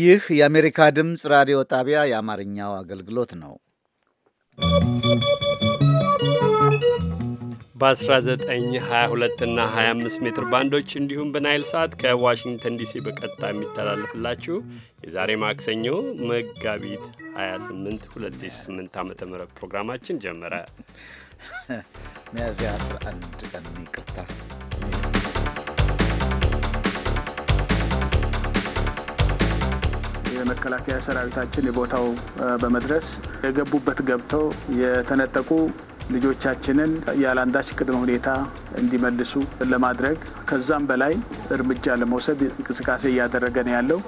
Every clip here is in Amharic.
ይህ የአሜሪካ ድምፅ ራዲዮ ጣቢያ የአማርኛው አገልግሎት ነው። በ1922 እና 25 ሜትር ባንዶች እንዲሁም በናይል ሰዓት ከዋሽንግተን ዲሲ በቀጥታ የሚተላለፍላችሁ የዛሬ ማክሰኞ መጋቢት 28 2008 ዓ ም ፕሮግራማችን ጀመረ። ሚያዝያ 11 ቀን ይቅርታ የመከላከያ ሰራዊታችን የቦታው በመድረስ የገቡበት ገብተው የተነጠቁ ልጆቻችንን ያለአንዳች ቅድመ ሁኔታ እንዲመልሱ ለማድረግ ከዛም በላይ እርምጃ ለመውሰድ እንቅስቃሴ እያደረገ ነው ያለው።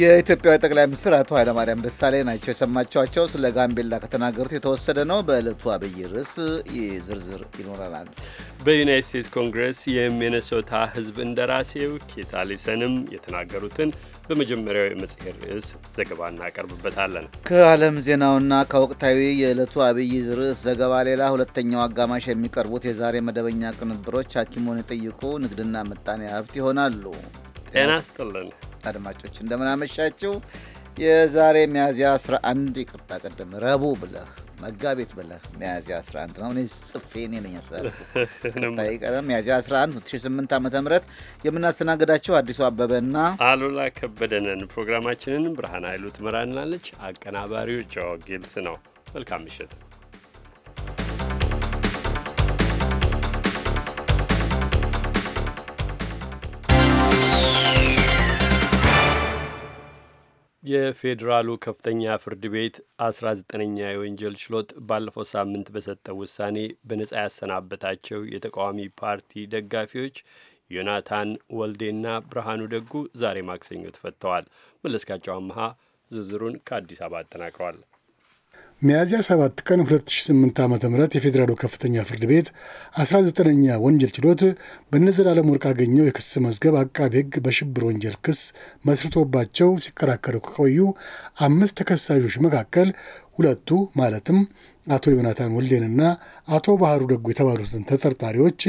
የኢትዮጵያ ጠቅላይ ሚኒስትር አቶ ኃይለማርያም ደሳሌ ናቸው የሰማችኋቸው። ስለ ጋምቤላ ከተናገሩት የተወሰደ ነው። በዕለቱ አብይ ርዕስ ዝርዝር ይኖረናል። በዩናይት ስቴትስ ኮንግረስ የሚኔሶታ ሕዝብ እንደራሴው ኬት አሊሰንም የተናገሩትን በመጀመሪያው የመጽሔት ርዕስ ዘገባ እናቀርብበታለን። ከዓለም ዜናውና ከወቅታዊ የዕለቱ አብይ ርዕስ ዘገባ ሌላ ሁለተኛው አጋማሽ የሚቀርቡት የዛሬ መደበኛ ቅንብሮች ሐኪሙን የጠይቁ ንግድና ምጣኔ ሀብት ይሆናሉ። ጤና ይስጥልን። አድማጮች እንደምናመሻችው የዛሬ ሚያዝያ 11 ይቅርታ፣ ቅድም ረቡዕ ብለህ መጋቢት ብለህ ሚያዝያ 11 ነው። እኔ ጽፌ እኔ ነኝ ያሳቀደም ሚያዝያ 11 2008 ዓ ም የምናስተናግዳችሁ አዲሱ አበበና አሉላ ከበደነን። ፕሮግራማችንን ብርሃን ኃይሉ ትመራናለች። አቀናባሪው ጆ ጊልስ ነው። መልካም ምሽት። የፌዴራሉ ከፍተኛ ፍርድ ቤት 19ኛ የወንጀል ችሎት ባለፈው ሳምንት በሰጠው ውሳኔ በነጻ ያሰናበታቸው የተቃዋሚ ፓርቲ ደጋፊዎች ዮናታን ወልዴና ብርሃኑ ደጉ ዛሬ ማክሰኞ ተፈተዋል። መለስካቸው አመሃ ዝርዝሩን ከአዲስ አበባ አጠናቅሯል። ሚያዝያ 7 ቀን 2008 ዓ ም የፌዴራሉ ከፍተኛ ፍርድ ቤት 19ኛ ወንጀል ችሎት በነዘላለም ወርቅ አገኘው የክስ መዝገብ አቃቢ ሕግ በሽብር ወንጀል ክስ መስርቶባቸው ሲከራከሩ ከቆዩ አምስት ተከሳሾች መካከል ሁለቱ ማለትም አቶ ዮናታን ወልዴንና አቶ ባህሩ ደጉ የተባሉትን ተጠርጣሪዎች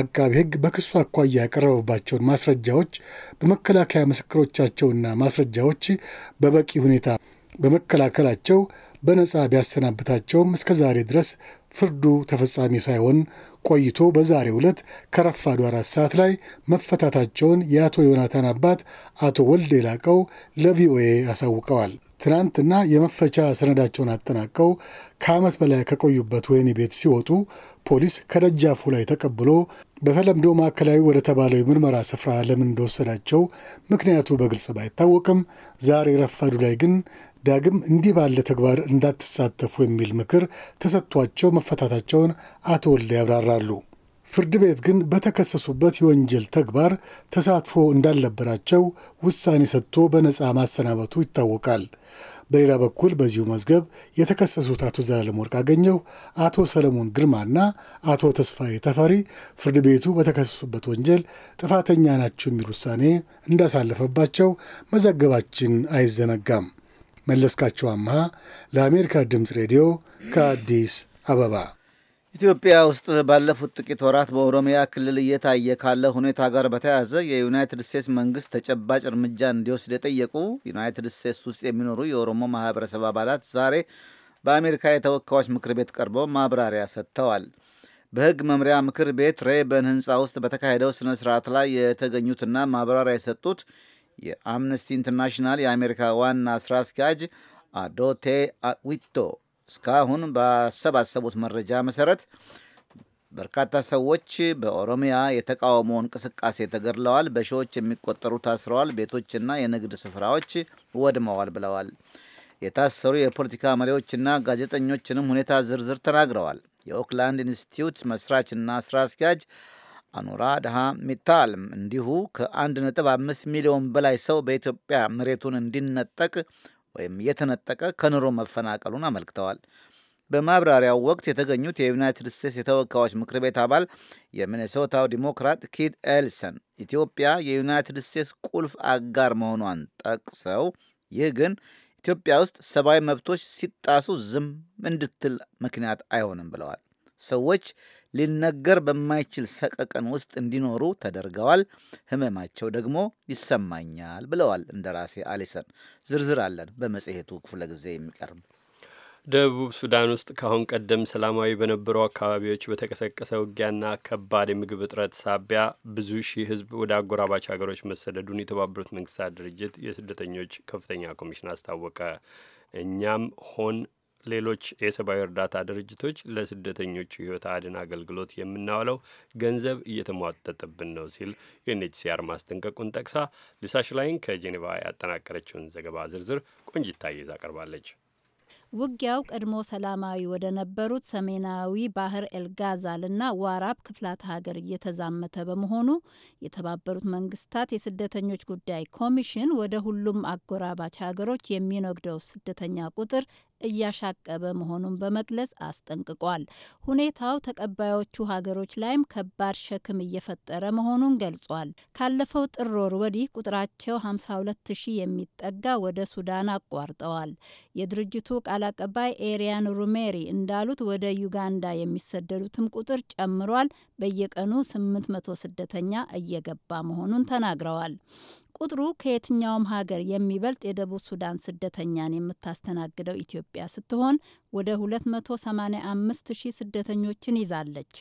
አቃቢ ሕግ በክሱ አኳያ ያቀረበባቸውን ማስረጃዎች በመከላከያ ምስክሮቻቸውና ማስረጃዎች በበቂ ሁኔታ በመከላከላቸው በነጻ ቢያሰናብታቸውም እስከ ዛሬ ድረስ ፍርዱ ተፈጻሚ ሳይሆን ቆይቶ በዛሬ ዕለት ከረፋዱ አራት ሰዓት ላይ መፈታታቸውን የአቶ ዮናታን አባት አቶ ወልደ ላቀው ለቪኦኤ አሳውቀዋል። ትናንትና የመፈቻ ሰነዳቸውን አጠናቀው ከዓመት በላይ ከቆዩበት ወህኒ ቤት ሲወጡ ፖሊስ ከደጃፉ ላይ ተቀብሎ በተለምዶ ማዕከላዊ ወደ ተባለው የምርመራ ስፍራ ለምን እንደወሰዳቸው ምክንያቱ በግልጽ ባይታወቅም ዛሬ ረፋዱ ላይ ግን ዳግም እንዲህ ባለ ተግባር እንዳትሳተፉ የሚል ምክር ተሰጥቷቸው መፈታታቸውን አቶ ወልደ ያብራራሉ። ፍርድ ቤት ግን በተከሰሱበት የወንጀል ተግባር ተሳትፎ እንዳልነበራቸው ውሳኔ ሰጥቶ በነፃ ማሰናበቱ ይታወቃል። በሌላ በኩል በዚሁ መዝገብ የተከሰሱት አቶ ዘላለም ወርቅ አገኘው፣ አቶ ሰለሞን ግርማና አቶ ተስፋዬ ተፈሪ ፍርድ ቤቱ በተከሰሱበት ወንጀል ጥፋተኛ ናቸው የሚል ውሳኔ እንዳሳለፈባቸው መዘገባችን አይዘነጋም። መለስካቸው አምሃ ለአሜሪካ ድምፅ ሬዲዮ ከአዲስ አበባ። ኢትዮጵያ ውስጥ ባለፉት ጥቂት ወራት በኦሮሚያ ክልል እየታየ ካለ ሁኔታ ጋር በተያያዘ የዩናይትድ ስቴትስ መንግስት ተጨባጭ እርምጃ እንዲወስድ የጠየቁ ዩናይትድ ስቴትስ ውስጥ የሚኖሩ የኦሮሞ ማህበረሰብ አባላት ዛሬ በአሜሪካ የተወካዮች ምክር ቤት ቀርበው ማብራሪያ ሰጥተዋል። በህግ መምሪያ ምክር ቤት ሬበን ህንፃ ውስጥ በተካሄደው ስነ ስርዓት ላይ የተገኙትና ማብራሪያ የሰጡት የአምነስቲ ኢንተርናሽናል የአሜሪካ ዋና ስራ አስኪያጅ አዶቴ አዊቶ እስካሁን ባሰባሰቡት መረጃ መሰረት በርካታ ሰዎች በኦሮሚያ የተቃውሞ እንቅስቃሴ ተገድለዋል፣ በሺዎች የሚቆጠሩ ታስረዋል፣ ቤቶችና የንግድ ስፍራዎች ወድመዋል ብለዋል። የታሰሩ የፖለቲካ መሪዎችና ጋዜጠኞችንም ሁኔታ ዝርዝር ተናግረዋል። የኦክላንድ ኢንስቲትዩት መስራችና ስራ አስኪያጅ ድሃ ሚታልም እንዲሁ ከ1.5 ሚሊዮን በላይ ሰው በኢትዮጵያ መሬቱን እንዲነጠቅ ወይም የተነጠቀ ከኑሮ መፈናቀሉን አመልክተዋል። በማብራሪያው ወቅት የተገኙት የዩናይትድ ስቴትስ የተወካዮች ምክር ቤት አባል የሚኔሶታው ዲሞክራት ኪት ኤልሰን ኢትዮጵያ የዩናይትድ ስቴትስ ቁልፍ አጋር መሆኗን ጠቅሰው ይህ ግን ኢትዮጵያ ውስጥ ሰብአዊ መብቶች ሲጣሱ ዝም እንድትል ምክንያት አይሆንም ብለዋል። ሰዎች ሊነገር በማይችል ሰቀቀን ውስጥ እንዲኖሩ ተደርገዋል። ህመማቸው ደግሞ ይሰማኛል ብለዋል እንደራሴ አሊሰን። ዝርዝር አለን በመጽሔቱ ክፍለ ጊዜ የሚቀርብ ደቡብ ሱዳን ውስጥ ከአሁን ቀደም ሰላማዊ በነበሩ አካባቢዎች በተቀሰቀሰ ውጊያና ከባድ የምግብ እጥረት ሳቢያ ብዙ ሺህ ህዝብ ወደ አጎራባች ሀገሮች መሰደዱን የተባበሩት መንግስታት ድርጅት የስደተኞች ከፍተኛ ኮሚሽን አስታወቀ። እኛም ሆን ሌሎች የሰብአዊ እርዳታ ድርጅቶች ለስደተኞቹ ህይወት አድን አገልግሎት የምናውለው ገንዘብ እየተሟጠጠብን ነው ሲል ዩኤንኤችሲአር ማስጠንቀቁን ጠቅሳ ሊሳሽ ላይን ከጄኔቫ ያጠናቀረችውን ዘገባ ዝርዝር ቆንጅታ ይዛ ቀርባለች። ውጊያው ቀድሞ ሰላማዊ ወደ ነበሩት ሰሜናዊ ባህር ኤልጋዛልና ዋራብ ክፍላተ ሀገር እየተዛመተ በመሆኑ የተባበሩት መንግስታት የስደተኞች ጉዳይ ኮሚሽን ወደ ሁሉም አጎራባች ሀገሮች የሚነግደው ስደተኛ ቁጥር እያሻቀበ መሆኑን በመግለጽ አስጠንቅቋል። ሁኔታው ተቀባዮቹ ሀገሮች ላይም ከባድ ሸክም እየፈጠረ መሆኑን ገልጿል። ካለፈው ጥር ወር ወዲህ ቁጥራቸው 52 ሺህ የሚጠጋ ወደ ሱዳን አቋርጠዋል። የድርጅቱ ቃል አቀባይ ኤሪያን ሩሜሪ እንዳሉት ወደ ዩጋንዳ የሚሰደዱትም ቁጥር ጨምሯል። በየቀኑ 800 ስደተኛ እየገባ መሆኑን ተናግረዋል። ቁጥሩ ከየትኛውም ሀገር የሚበልጥ የደቡብ ሱዳን ስደተኛን የምታስተናግደው ኢትዮጵያ ስትሆን ወደ 285 ሺህ ስደተኞችን ይዛለች።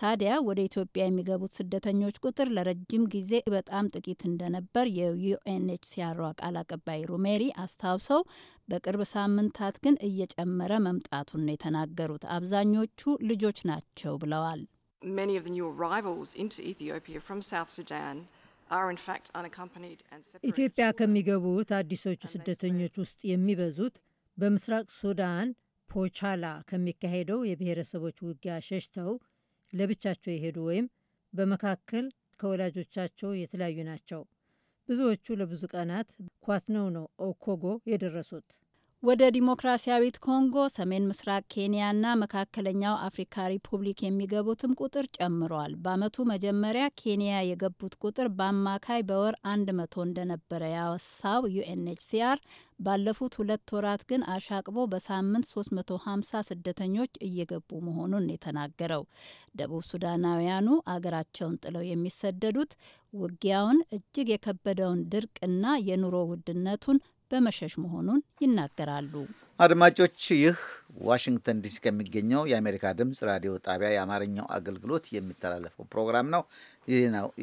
ታዲያ ወደ ኢትዮጵያ የሚገቡት ስደተኞች ቁጥር ለረጅም ጊዜ በጣም ጥቂት እንደነበር የዩኤንኤችሲአር ቃል አቀባይ ሩሜሪ አስታውሰው በቅርብ ሳምንታት ግን እየጨመረ መምጣቱን ነው የተናገሩት። አብዛኞቹ ልጆች ናቸው ብለዋል። ኢትዮጵያ ከሚገቡት አዲሶቹ ስደተኞች ውስጥ የሚበዙት በምስራቅ ሱዳን ፖቻላ ከሚካሄደው የብሔረሰቦች ውጊያ ሸሽተው ለብቻቸው የሄዱ ወይም በመካከል ከወላጆቻቸው የተለያዩ ናቸው። ብዙዎቹ ለብዙ ቀናት ኳትነው ነው ኦኮጎ የደረሱት። ወደ ዲሞክራሲያዊት ኮንጎ፣ ሰሜን ምስራቅ ኬንያና መካከለኛው አፍሪካ ሪፑብሊክ የሚገቡትም ቁጥር ጨምሯል። በአመቱ መጀመሪያ ኬንያ የገቡት ቁጥር በአማካይ በወር መቶ እንደነበረ ያወሳው ዩኤንኤችሲአር ባለፉት ሁለት ወራት ግን አሻቅቦ በሳምንት 350 ስደተኞች እየገቡ መሆኑን የተናገረው ደቡብ ሱዳናውያኑ አገራቸውን ጥለው የሚሰደዱት ውጊያውን፣ እጅግ የከበደውን ድርቅና የኑሮ ውድነቱን በመሸሽ መሆኑን ይናገራሉ። አድማጮች፣ ይህ ዋሽንግተን ዲሲ ከሚገኘው የአሜሪካ ድምፅ ራዲዮ ጣቢያ የአማርኛው አገልግሎት የሚተላለፈው ፕሮግራም ነው።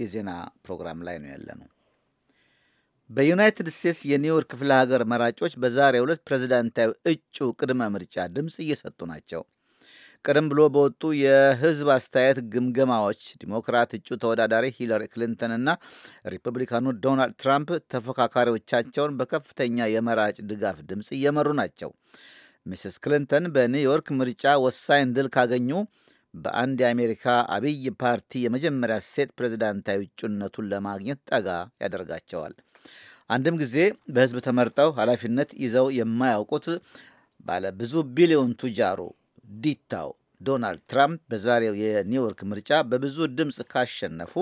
የዜና ፕሮግራም ላይ ነው ያለ ነው። በዩናይትድ ስቴትስ የኒውዮርክ ክፍለ ሀገር መራጮች በዛሬው ዕለት ፕሬዚዳንታዊ እጩ ቅድመ ምርጫ ድምፅ እየሰጡ ናቸው። ቀደም ብሎ በወጡ የህዝብ አስተያየት ግምገማዎች ዲሞክራት እጩ ተወዳዳሪ ሂለሪ ክሊንተን እና ሪፐብሊካኑ ዶናልድ ትራምፕ ተፎካካሪዎቻቸውን በከፍተኛ የመራጭ ድጋፍ ድምፅ እየመሩ ናቸው። ሚስስ ክሊንተን በኒውዮርክ ምርጫ ወሳኝ ድል ካገኙ በአንድ የአሜሪካ አብይ ፓርቲ የመጀመሪያ ሴት ፕሬዚዳንታዊ እጩነቱን ለማግኘት ጠጋ ያደርጋቸዋል። አንድም ጊዜ በህዝብ ተመርጠው ኃላፊነት ይዘው የማያውቁት ባለ ብዙ ቢሊዮን ቱጃሩ ዲታው ዶናልድ ትራምፕ በዛሬው የኒውዮርክ ምርጫ በብዙ ድምፅ ካሸነፉ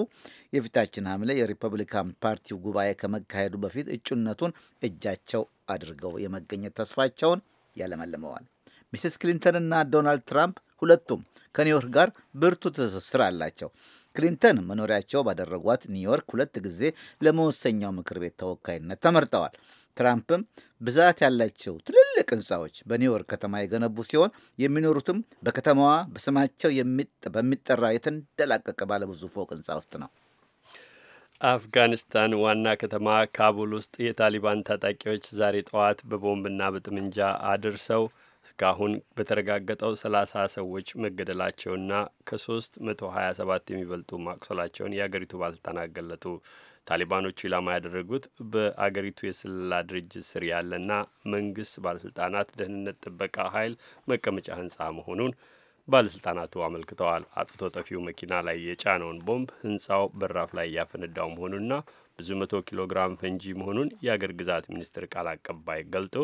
የፊታችን ሐምሌ የሪፐብሊካን ፓርቲው ጉባኤ ከመካሄዱ በፊት እጩነቱን እጃቸው አድርገው የመገኘት ተስፋቸውን ያለመልመዋል። ሚስስ ክሊንተንና ዶናልድ ትራምፕ ሁለቱም ከኒውዮርክ ጋር ብርቱ ትስስር አላቸው። ክሊንተን መኖሪያቸው ባደረጓት ኒውዮርክ ሁለት ጊዜ ለመወሰኛው ምክር ቤት ተወካይነት ተመርጠዋል። ትራምፕም ብዛት ያላቸው ትልልቅ ህንፃዎች በኒውዮርክ ከተማ የገነቡ ሲሆን የሚኖሩትም በከተማዋ በስማቸው በሚጠራ የተንደላቀቀ ባለብዙ ፎቅ ህንፃ ውስጥ ነው። አፍጋኒስታን ዋና ከተማ ካቡል ውስጥ የታሊባን ታጣቂዎች ዛሬ ጠዋት በቦምብና በጥምንጃ አድርሰው እስካሁን በተረጋገጠው 30 ሰዎች መገደላቸውና ከሶስት መቶ የሚበልጡ ማቁሰላቸውን የአገሪቱ ባለስልጣናት ገለጡ። ታሊባኖቹ ኢላማ ያደረጉት በአገሪቱ የስለላ ድርጅት ስር ያለና መንግስት ባለስልጣናት ደህንነት ጥበቃ ኃይል መቀመጫ ህንጻ መሆኑን ባለሥልጣናቱ አመልክተዋል። አጥፍቶ ጠፊው መኪና ላይ የጫነውን ቦምብ ሕንፃው በራፍ ላይ እያፈነዳው መሆኑና ብዙ መቶ ኪሎ ግራም ፈንጂ መሆኑን የአገር ግዛት ሚኒስትር ቃል አቀባይ ገልጦ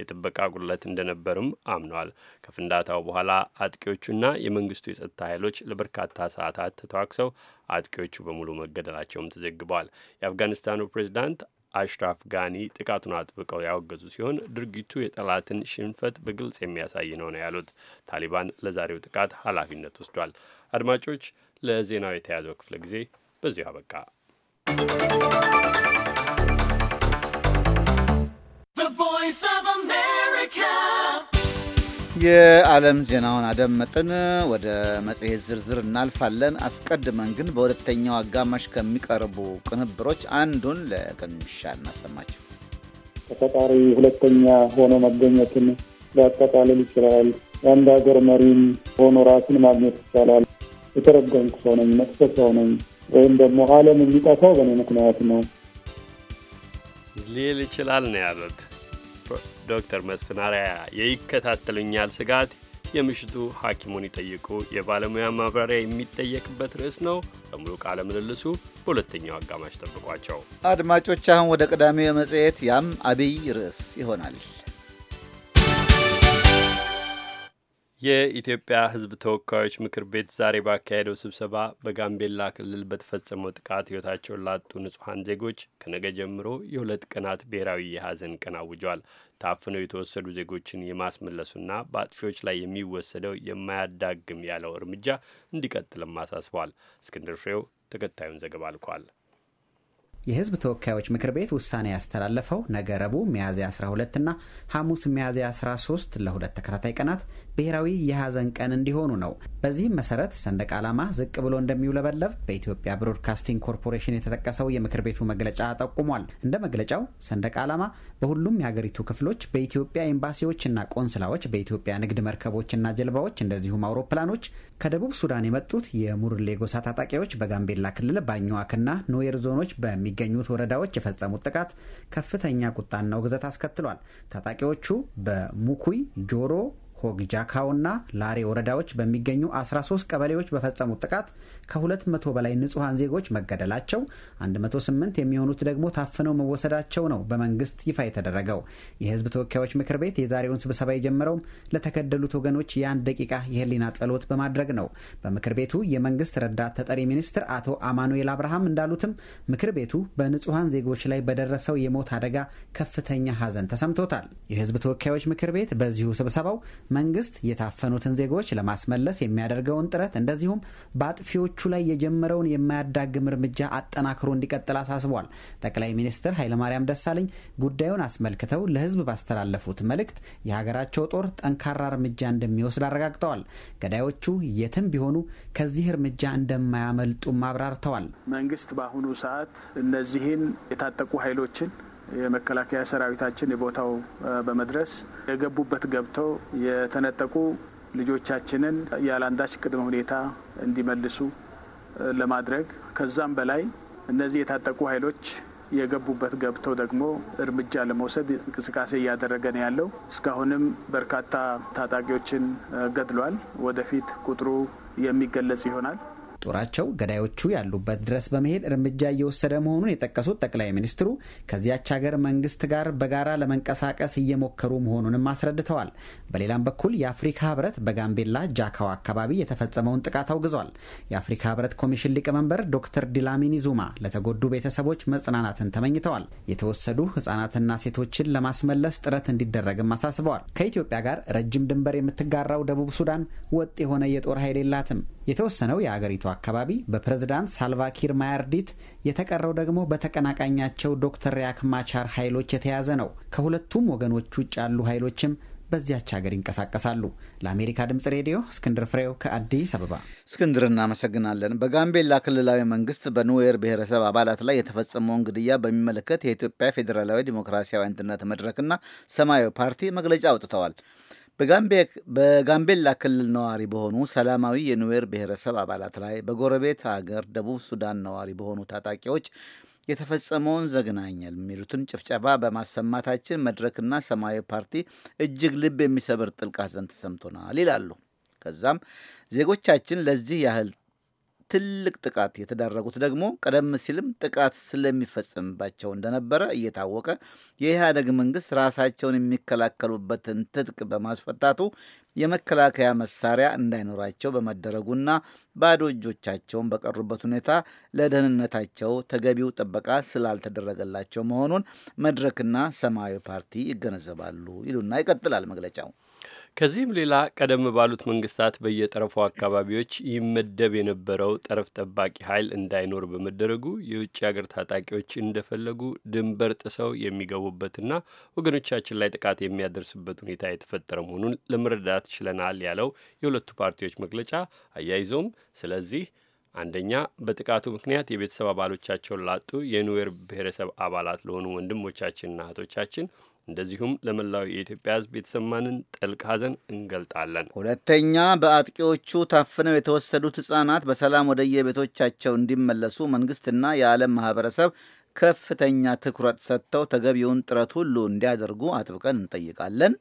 የጥበቃ ጉድለት እንደነበርም አምኗል። ከፍንዳታው በኋላ አጥቂዎቹና የመንግስቱ የጸጥታ ኃይሎች ለበርካታ ሰዓታት ተተዋክሰው አጥቂዎቹ በሙሉ መገደላቸውም ተዘግበዋል። የአፍጋኒስታኑ ፕሬዚዳንት አሽራፍ ጋኒ ጥቃቱን አጥብቀው ያወገዙ ሲሆን ድርጊቱ የጠላትን ሽንፈት በግልጽ የሚያሳይ ነው ነው ያሉት። ታሊባን ለዛሬው ጥቃት ኃላፊነት ወስዷል። አድማጮች፣ ለዜናው የተያዘው ክፍለ ጊዜ በዚሁ አበቃ። ቮይስ ኦፍ አሜሪካ የዓለም ዜናውን አደመጥን። ወደ መጽሔት ዝርዝር እናልፋለን። አስቀድመን ግን በሁለተኛው አጋማሽ ከሚቀርቡ ቅንብሮች አንዱን ለቅምሻ እናሰማቸው። ተፈጣሪ ሁለተኛ ሆኖ መገኘትን ሊያጠቃልል ይችላል። የአንድ ሀገር መሪም ሆኖ ራስን ማግኘት ይቻላል። የተረገምኩ ሰው ነኝ፣ መጥፎ ሰው ነኝ፣ ወይም ደግሞ ዓለም የሚጠፋው በእኔ ምክንያት ነው ሊል ይችላል ነው ያሉት ዶክተር መስፍን አርአያ የይከታተሉኛል ስጋት የምሽቱ ሐኪሙን ይጠይቁ የባለሙያ ማብራሪያ የሚጠየቅበት ርዕስ ነው። በሙሉ ቃለ ምልልሱ በሁለተኛው አጋማሽ ጠብቋቸው አድማጮች። አሁን ወደ ቅዳሜው የመጽሔት ያም አብይ ርዕስ ይሆናል። የኢትዮጵያ ሕዝብ ተወካዮች ምክር ቤት ዛሬ ባካሄደው ስብሰባ በጋምቤላ ክልል በተፈጸመው ጥቃት ሕይወታቸውን ላጡ ንጹሐን ዜጎች ከነገ ጀምሮ የሁለት ቀናት ብሔራዊ የሐዘን ቀን አውጇል። ታፍነው የተወሰዱ ዜጎችን የማስመለሱና በአጥፊዎች ላይ የሚወሰደው የማያዳግም ያለው እርምጃ እንዲቀጥልም አሳስቧል። እስክንድር ፍሬው ተከታዩን ዘገባ ልኳል። የህዝብ ተወካዮች ምክር ቤት ውሳኔ ያስተላለፈው ነገ ረቡዕ ሚያዝያ 12ና ሐሙስ ሚያዝያ 13 ለሁለት ተከታታይ ቀናት ብሔራዊ የሐዘን ቀን እንዲሆኑ ነው። በዚህም መሰረት ሰንደቅ ዓላማ ዝቅ ብሎ እንደሚውለበለብ በኢትዮጵያ ብሮድካስቲንግ ኮርፖሬሽን የተጠቀሰው የምክር ቤቱ መግለጫ ጠቁሟል። እንደ መግለጫው ሰንደቅ ዓላማ በሁሉም የሀገሪቱ ክፍሎች በኢትዮጵያ ኤምባሲዎችና ቆንስላዎች፣ በኢትዮጵያ ንግድ መርከቦችና ጀልባዎች እንደዚሁም አውሮፕላኖች ከደቡብ ሱዳን የመጡት የሙርሌ ጎሳ ታጣቂዎች በጋምቤላ ክልል ባኝዋክና ኖዌር ዞኖች በሚ የሚገኙት ወረዳዎች የፈጸሙት ጥቃት ከፍተኛ ቁጣና ውግዘት አስከትሏል። ታጣቂዎቹ በሙኩይ ጆሮ ሆግጃካውና ላሬ ወረዳዎች በሚገኙ 13 ቀበሌዎች በፈጸሙት ጥቃት ከ200 በላይ ንጹሐን ዜጎች መገደላቸው 108 የሚሆኑት ደግሞ ታፍነው መወሰዳቸው ነው በመንግስት ይፋ የተደረገው። የህዝብ ተወካዮች ምክር ቤት የዛሬውን ስብሰባ የጀመረውም ለተገደሉት ወገኖች የአንድ ደቂቃ የህሊና ጸሎት በማድረግ ነው። በምክር ቤቱ የመንግስት ረዳት ተጠሪ ሚኒስትር አቶ አማኑኤል አብርሃም እንዳሉትም ምክር ቤቱ በንጹሐን ዜጎች ላይ በደረሰው የሞት አደጋ ከፍተኛ ሀዘን ተሰምቶታል። የህዝብ ተወካዮች ምክር ቤት በዚሁ ስብሰባው መንግስት የታፈኑትን ዜጎች ለማስመለስ የሚያደርገውን ጥረት እንደዚሁም በአጥፊዎቹ ላይ የጀመረውን የማያዳግም እርምጃ አጠናክሮ እንዲቀጥል አሳስቧል። ጠቅላይ ሚኒስትር ኃይለማርያም ደሳለኝ ጉዳዩን አስመልክተው ለህዝብ ባስተላለፉት መልእክት የሀገራቸው ጦር ጠንካራ እርምጃ እንደሚወስድ አረጋግጠዋል። ገዳዮቹ የትም ቢሆኑ ከዚህ እርምጃ እንደማያመልጡም አብራርተዋል። መንግስት በአሁኑ ሰዓት እነዚህን የታጠቁ ኃይሎችን የመከላከያ ሰራዊታችን የቦታው በመድረስ የገቡበት ገብተው የተነጠቁ ልጆቻችንን ያለአንዳች ቅድመ ሁኔታ እንዲመልሱ ለማድረግ ከዛም በላይ እነዚህ የታጠቁ ኃይሎች የገቡበት ገብተው ደግሞ እርምጃ ለመውሰድ እንቅስቃሴ እያደረገ ነው ያለው። እስካሁንም በርካታ ታጣቂዎችን ገድሏል። ወደፊት ቁጥሩ የሚገለጽ ይሆናል። ጦራቸው ገዳዮቹ ያሉበት ድረስ በመሄድ እርምጃ እየወሰደ መሆኑን የጠቀሱት ጠቅላይ ሚኒስትሩ ከዚያች ሀገር መንግስት ጋር በጋራ ለመንቀሳቀስ እየሞከሩ መሆኑንም አስረድተዋል። በሌላም በኩል የአፍሪካ ህብረት በጋምቤላ ጃካዋ አካባቢ የተፈጸመውን ጥቃት አውግዟል። የአፍሪካ ህብረት ኮሚሽን ሊቀመንበር ዶክተር ዲላሚኒ ዙማ ለተጎዱ ቤተሰቦች መጽናናትን ተመኝተዋል። የተወሰዱ ህጻናትና ሴቶችን ለማስመለስ ጥረት እንዲደረግም አሳስበዋል። ከኢትዮጵያ ጋር ረጅም ድንበር የምትጋራው ደቡብ ሱዳን ወጥ የሆነ የጦር ኃይል የላትም። የተወሰነው የአገሪቱ አካባቢ በፕሬዝዳንት ሳልቫኪር ማያርዲት፣ የተቀረው ደግሞ በተቀናቃኛቸው ዶክተር ሪያክ ማቻር ኃይሎች የተያዘ ነው። ከሁለቱም ወገኖች ውጭ ያሉ ኃይሎችም በዚያች ሀገር ይንቀሳቀሳሉ። ለአሜሪካ ድምጽ ሬዲዮ እስክንድር ፍሬው ከአዲስ አበባ። እስክንድር እናመሰግናለን። በጋምቤላ ክልላዊ መንግስት በኑዌር ብሔረሰብ አባላት ላይ የተፈጸመውን ግድያ በሚመለከት የኢትዮጵያ ፌዴራላዊ ዲሞክራሲያዊ አንድነት መድረክና ሰማያዊ ፓርቲ መግለጫ አውጥተዋል። በጋምቤላ ክልል ነዋሪ በሆኑ ሰላማዊ የኑዌር ብሔረሰብ አባላት ላይ በጎረቤት ሀገር ደቡብ ሱዳን ነዋሪ በሆኑ ታጣቂዎች የተፈጸመውን ዘግናኛል የሚሉትን ጭፍጨባ በማሰማታችን መድረክና ሰማያዊ ፓርቲ እጅግ ልብ የሚሰብር ጥልቅ ሐዘን ተሰምቶናል ይላሉ። ከዛም ዜጎቻችን ለዚህ ያህል ትልቅ ጥቃት የተዳረጉት ደግሞ ቀደም ሲልም ጥቃት ስለሚፈጸምባቸው እንደነበረ እየታወቀ የኢህአደግ መንግስት ራሳቸውን የሚከላከሉበትን ትጥቅ በማስፈታቱ የመከላከያ መሳሪያ እንዳይኖራቸው በመደረጉና ባዶ እጆቻቸውን በቀሩበት ሁኔታ ለደህንነታቸው ተገቢው ጥበቃ ስላልተደረገላቸው መሆኑን መድረክና ሰማያዊ ፓርቲ ይገነዘባሉ ይሉና ይቀጥላል መግለጫው። ከዚህም ሌላ ቀደም ባሉት መንግስታት በየጠረፉ አካባቢዎች ይመደብ የነበረው ጠረፍ ጠባቂ ኃይል እንዳይኖር በመደረጉ የውጭ ሀገር ታጣቂዎች እንደፈለጉ ድንበር ጥሰው የሚገቡበትና ወገኖቻችን ላይ ጥቃት የሚያደርሱበት ሁኔታ የተፈጠረ መሆኑን ለመረዳት ችለናል ያለው የሁለቱ ፓርቲዎች መግለጫ አያይዞም ስለዚህ አንደኛ በጥቃቱ ምክንያት የቤተሰብ አባሎቻቸውን ላጡ የኑዌር ብሔረሰብ አባላት ለሆኑ ወንድሞቻችንና እህቶቻችን እንደዚሁም ለመላው የኢትዮጵያ ሕዝብ የተሰማንን ጥልቅ ሐዘን እንገልጣለን። ሁለተኛ በአጥቂዎቹ ታፍነው የተወሰዱት ሕጻናት በሰላም ወደ የቤቶቻቸው እንዲመለሱ መንግስትና የዓለም ማህበረሰብ ከፍተኛ ትኩረት ሰጥተው ተገቢውን ጥረት ሁሉ እንዲያደርጉ አጥብቀን እንጠይቃለን።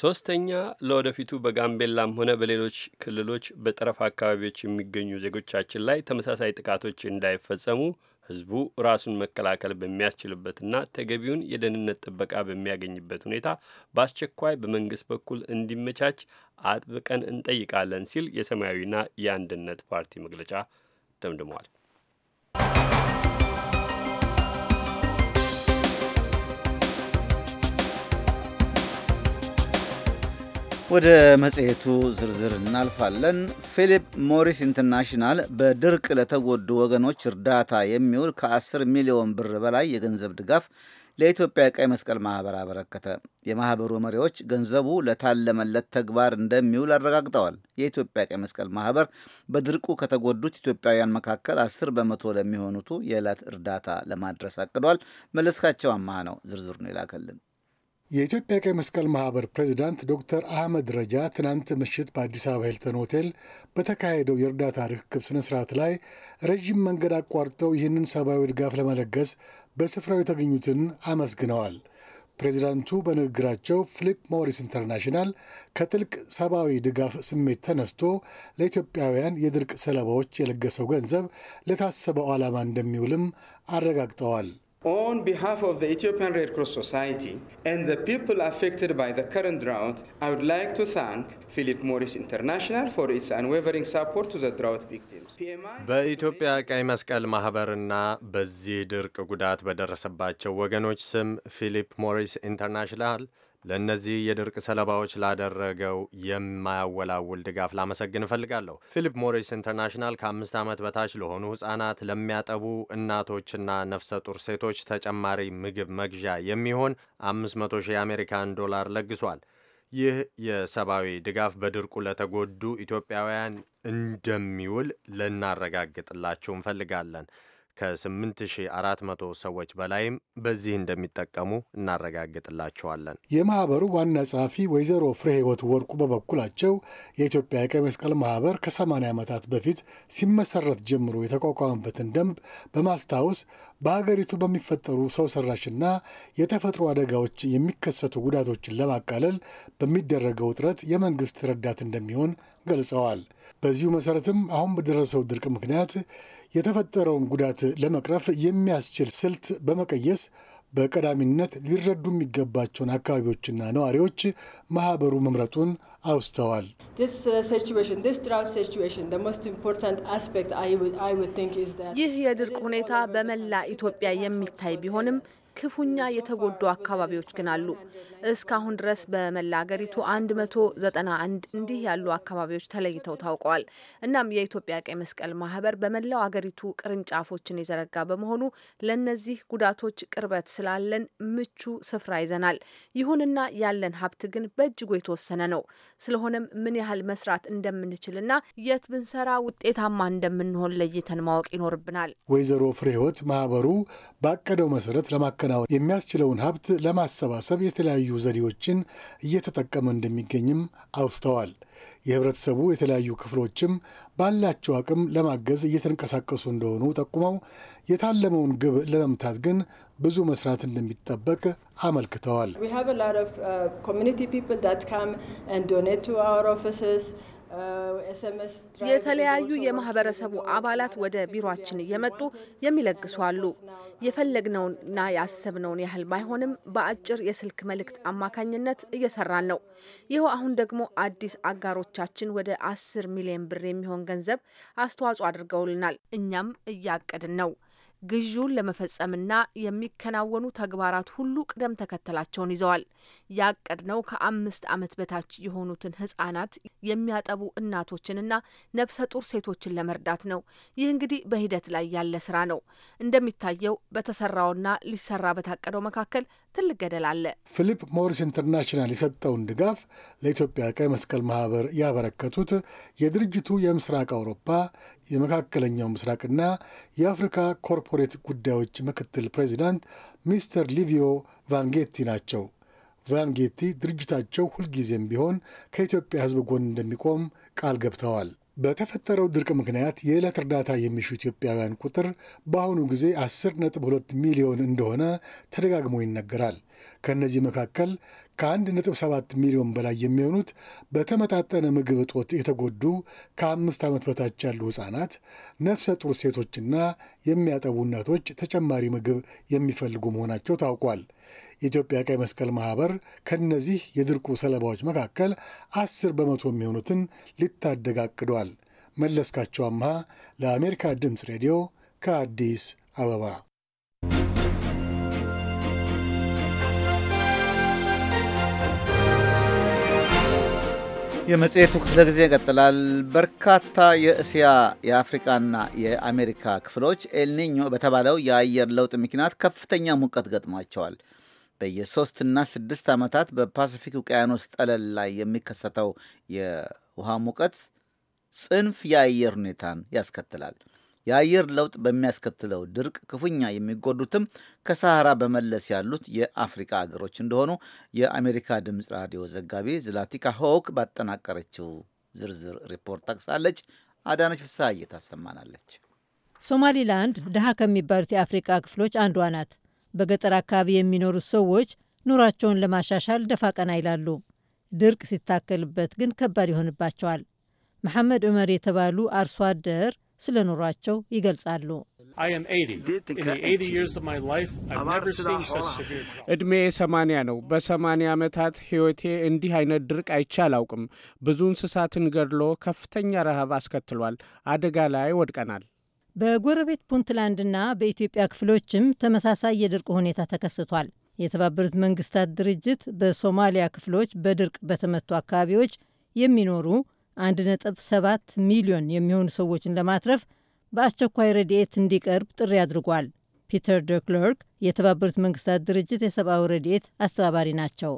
ሶስተኛ ለወደፊቱ በጋምቤላም ሆነ በሌሎች ክልሎች በጠረፍ አካባቢዎች የሚገኙ ዜጎቻችን ላይ ተመሳሳይ ጥቃቶች እንዳይፈጸሙ ህዝቡ ራሱን መከላከል በሚያስችልበትና ተገቢውን የደህንነት ጥበቃ በሚያገኝበት ሁኔታ በአስቸኳይ በመንግስት በኩል እንዲመቻች አጥብቀን እንጠይቃለን ሲል የሰማያዊና የአንድነት ፓርቲ መግለጫ ደምድሟል። ወደ መጽሔቱ ዝርዝር እናልፋለን። ፊሊፕ ሞሪስ ኢንተርናሽናል በድርቅ ለተጎዱ ወገኖች እርዳታ የሚውል ከ10 ሚሊዮን ብር በላይ የገንዘብ ድጋፍ ለኢትዮጵያ ቀይ መስቀል ማኅበር አበረከተ። የማኅበሩ መሪዎች ገንዘቡ ለታለመለት ተግባር እንደሚውል አረጋግጠዋል። የኢትዮጵያ ቀይ መስቀል ማኅበር በድርቁ ከተጎዱት ኢትዮጵያውያን መካከል 10 በመቶ ለሚሆኑቱ የዕለት እርዳታ ለማድረስ አቅዷል። መለስካቸው አማሃ ነው ዝርዝሩን ይላከልን። የኢትዮጵያ ቀይ መስቀል ማህበር ፕሬዚዳንት ዶክተር አህመድ ረጃ ትናንት ምሽት በአዲስ አበባ ሂልተን ሆቴል በተካሄደው የእርዳታ ርክክብ ስነ ስርዓት ላይ ረዥም መንገድ አቋርጠው ይህንን ሰብአዊ ድጋፍ ለመለገስ በስፍራው የተገኙትን አመስግነዋል። ፕሬዚዳንቱ በንግግራቸው ፊሊፕ ሞሪስ ኢንተርናሽናል ከጥልቅ ሰብአዊ ድጋፍ ስሜት ተነስቶ ለኢትዮጵያውያን የድርቅ ሰለባዎች የለገሰው ገንዘብ ለታሰበው ዓላማ እንደሚውልም አረጋግጠዋል። On behalf of the Ethiopian Red Cross Society and the people affected by the current drought, I would like to thank Philip Morris International for its unwavering support to the drought victims. በኢትዮጵያ ቀይ መስቀል ማህበርና በዚህ ድርቅ ጉዳት በደረሰባቸው ወገኖች ስም ፊሊፕ ሞሪስ ኢንተርናሽናል ለእነዚህ የድርቅ ሰለባዎች ላደረገው የማያወላውል ድጋፍ ላመሰግን እፈልጋለሁ። ፊሊፕ ሞሪስ ኢንተርናሽናል ከአምስት ዓመት በታች ለሆኑ ሕፃናት፣ ለሚያጠቡ እናቶችና ነፍሰ ጡር ሴቶች ተጨማሪ ምግብ መግዣ የሚሆን 500 ሺህ የአሜሪካን ዶላር ለግሷል። ይህ የሰብአዊ ድጋፍ በድርቁ ለተጎዱ ኢትዮጵያውያን እንደሚውል ልናረጋግጥላችሁ እንፈልጋለን። ከ8400 ሰዎች በላይም በዚህ እንደሚጠቀሙ እናረጋግጥላቸዋለን። የማህበሩ ዋና ጸሐፊ ወይዘሮ ፍሬ ህይወት ወርቁ በበኩላቸው የኢትዮጵያ የቀይ መስቀል ማህበር ከ80 ዓመታት በፊት ሲመሰረት ጀምሮ የተቋቋመበትን ደንብ በማስታወስ በሀገሪቱ በሚፈጠሩ ሰው ሰራሽና የተፈጥሮ አደጋዎች የሚከሰቱ ጉዳቶችን ለማቃለል በሚደረገው ጥረት የመንግስት ረዳት እንደሚሆን ገልጸዋል። በዚሁ መሰረትም አሁን በደረሰው ድርቅ ምክንያት የተፈጠረውን ጉዳት ለመቅረፍ የሚያስችል ስልት በመቀየስ በቀዳሚነት ሊረዱ የሚገባቸውን አካባቢዎችና ነዋሪዎች ማህበሩ መምረጡን አውስተዋል። uh, ይህ የድርቅ ሁኔታ በመላ ኢትዮጵያ የሚታይ ቢሆንም ክፉኛ የተጎዱ አካባቢዎች ግን አሉ። እስካሁን ድረስ በመላ አገሪቱ 191 እንዲህ ያሉ አካባቢዎች ተለይተው ታውቀዋል። እናም የኢትዮጵያ ቀይ መስቀል ማህበር በመላው አገሪቱ ቅርንጫፎችን የዘረጋ በመሆኑ ለእነዚህ ጉዳቶች ቅርበት ስላለን ምቹ ስፍራ ይዘናል። ይሁንና ያለን ሀብት ግን በእጅጉ የተወሰነ ነው። ስለሆነም ምን ያህል መስራት እንደምንችልና የት ብንሰራ ውጤታማ እንደምንሆን ለይተን ማወቅ ይኖርብናል። ወይዘሮ ፍሬ ማህበሩ ባቀደው መሰረት ለማከ ለማከናወን የሚያስችለውን ሀብት ለማሰባሰብ የተለያዩ ዘዴዎችን እየተጠቀመ እንደሚገኝም አውስተዋል። የህብረተሰቡ የተለያዩ ክፍሎችም ባላቸው አቅም ለማገዝ እየተንቀሳቀሱ እንደሆኑ ጠቁመው የታለመውን ግብ ለመምታት ግን ብዙ መስራት እንደሚጠበቅ አመልክተዋል። የተለያዩ የማህበረሰቡ አባላት ወደ ቢሮችን እየመጡ የሚለግሱ አሉ። የፈለግነውና ያሰብነውን ያህል ባይሆንም በአጭር የስልክ መልእክት አማካኝነት እየሰራን ነው። ይኸው አሁን ደግሞ አዲስ አጋሮቻችን ወደ አስር ሚሊዮን ብር የሚሆን ገንዘብ አስተዋጽኦ አድርገውልናል። እኛም እያቀድን ነው። ግዢውን ለመፈጸምና የሚከናወኑ ተግባራት ሁሉ ቅደም ተከተላቸውን ይዘዋል። ያቀድነው ከአምስት ዓመት በታች የሆኑትን ህጻናት የሚያጠቡ እናቶችንና ነፍሰ ጡር ሴቶችን ለመርዳት ነው። ይህ እንግዲህ በሂደት ላይ ያለ ስራ ነው። እንደሚታየው በተሰራውና ሊሰራ በታቀደው መካከል ትልቅ ገደል አለ። ፊሊፕ ሞሪስ ኢንተርናሽናል የሰጠውን ድጋፍ ለኢትዮጵያ ቀይ መስቀል ማህበር ያበረከቱት የድርጅቱ የምስራቅ አውሮፓ የመካከለኛው ምስራቅና የአፍሪካ ኮርፖ የኮርፖሬት ጉዳዮች ምክትል ፕሬዚዳንት ሚስተር ሊቪዮ ቫንጌቲ ናቸው። ቫንጌቲ ድርጅታቸው ሁልጊዜም ቢሆን ከኢትዮጵያ ሕዝብ ጎን እንደሚቆም ቃል ገብተዋል። በተፈጠረው ድርቅ ምክንያት የዕለት እርዳታ የሚሹ ኢትዮጵያውያን ቁጥር በአሁኑ ጊዜ 10 2 ሚሊዮን እንደሆነ ተደጋግሞ ይነገራል። ከእነዚህ መካከል ከ1.7 ሚሊዮን በላይ የሚሆኑት በተመጣጠነ ምግብ እጦት የተጎዱ ከአምስት ዓመት በታች ያሉ ሕፃናት፣ ነፍሰ ጡር ሴቶችና የሚያጠቡ እናቶች ተጨማሪ ምግብ የሚፈልጉ መሆናቸው ታውቋል። የኢትዮጵያ ቀይ መስቀል ማህበር ከእነዚህ የድርቁ ሰለባዎች መካከል አስር በመቶ የሚሆኑትን ሊታደግ አቅዷል። መለስካቸው አምሃ ለአሜሪካ ድምፅ ሬዲዮ ከአዲስ አበባ የመጽሔቱ ክፍለ ጊዜ ይቀጥላል። በርካታ የእስያ የአፍሪቃና የአሜሪካ ክፍሎች ኤልኒኞ በተባለው የአየር ለውጥ ምክንያት ከፍተኛ ሙቀት ገጥሟቸዋል። በየሶስትና ስድስት ዓመታት በፓሲፊክ ውቅያኖስ ጠለል ላይ የሚከሰተው የውሃ ሙቀት ጽንፍ የአየር ሁኔታን ያስከትላል። የአየር ለውጥ በሚያስከትለው ድርቅ ክፉኛ የሚጎዱትም ከሳሐራ በመለስ ያሉት የአፍሪካ አገሮች እንደሆኑ የአሜሪካ ድምፅ ራዲዮ ዘጋቢ ዝላቲካ ሆክ ባጠናቀረችው ዝርዝር ሪፖርት ጠቅሳለች። አዳነች ፍስሐዬ ታሰማናለች። ሶማሊላንድ ድሃ ከሚባሉት የአፍሪቃ ክፍሎች አንዷ ናት። በገጠር አካባቢ የሚኖሩት ሰዎች ኑሯቸውን ለማሻሻል ደፋ ቀና ይላሉ። ድርቅ ሲታከልበት ግን ከባድ ይሆንባቸዋል። መሐመድ ዑመር የተባሉ አርሶ አደር ስለ ኑሯቸው ይገልጻሉ። እድሜ ሰማንያ ነው። በሰማንያ ዓመታት ሕይወቴ እንዲህ አይነት ድርቅ አይቼ አላውቅም። ብዙ እንስሳትን ገድሎ ከፍተኛ ረሃብ አስከትሏል። አደጋ ላይ ወድቀናል። በጎረቤት ፑንትላንድና በኢትዮጵያ ክፍሎችም ተመሳሳይ የድርቅ ሁኔታ ተከስቷል። የተባበሩት መንግስታት ድርጅት በሶማሊያ ክፍሎች በድርቅ በተመቱ አካባቢዎች የሚኖሩ 1.7 ሚሊዮን የሚሆኑ ሰዎችን ለማትረፍ በአስቸኳይ ረድኤት እንዲቀርብ ጥሪ አድርጓል። ፒተር ደ ክለርክ የተባበሩት መንግስታት ድርጅት የሰብአዊ ረድኤት አስተባባሪ ናቸው።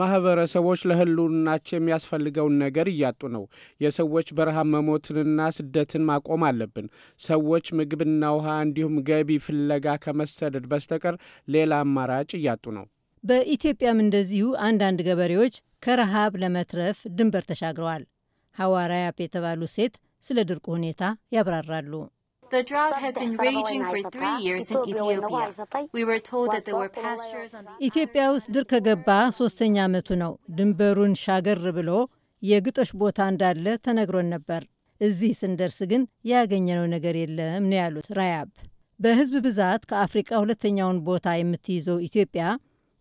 ማህበረሰቦች ለህልውናቸው የሚያስፈልገውን ነገር እያጡ ነው። የሰዎች በረሃ መሞትንና ስደትን ማቆም አለብን። ሰዎች ምግብና ውሃ እንዲሁም ገቢ ፍለጋ ከመሰደድ በስተቀር ሌላ አማራጭ እያጡ ነው። በኢትዮጵያም እንደዚሁ አንዳንድ ገበሬዎች ከረሃብ ለመትረፍ ድንበር ተሻግረዋል። ሐዋርያፕ የተባሉ ሴት ስለ ድርቁ ሁኔታ ያብራራሉ። ኢትዮጵያ ውስጥ ድርቅ ከገባ ሶስተኛ ዓመቱ ነው። ድንበሩን ሻገር ብሎ የግጦሽ ቦታ እንዳለ ተነግሮን ነበር። እዚህ ስንደርስ ግን ያገኘነው ነገር የለም ነው ያሉት ራያብ። በህዝብ ብዛት ከአፍሪቃ ሁለተኛውን ቦታ የምትይዘው ኢትዮጵያ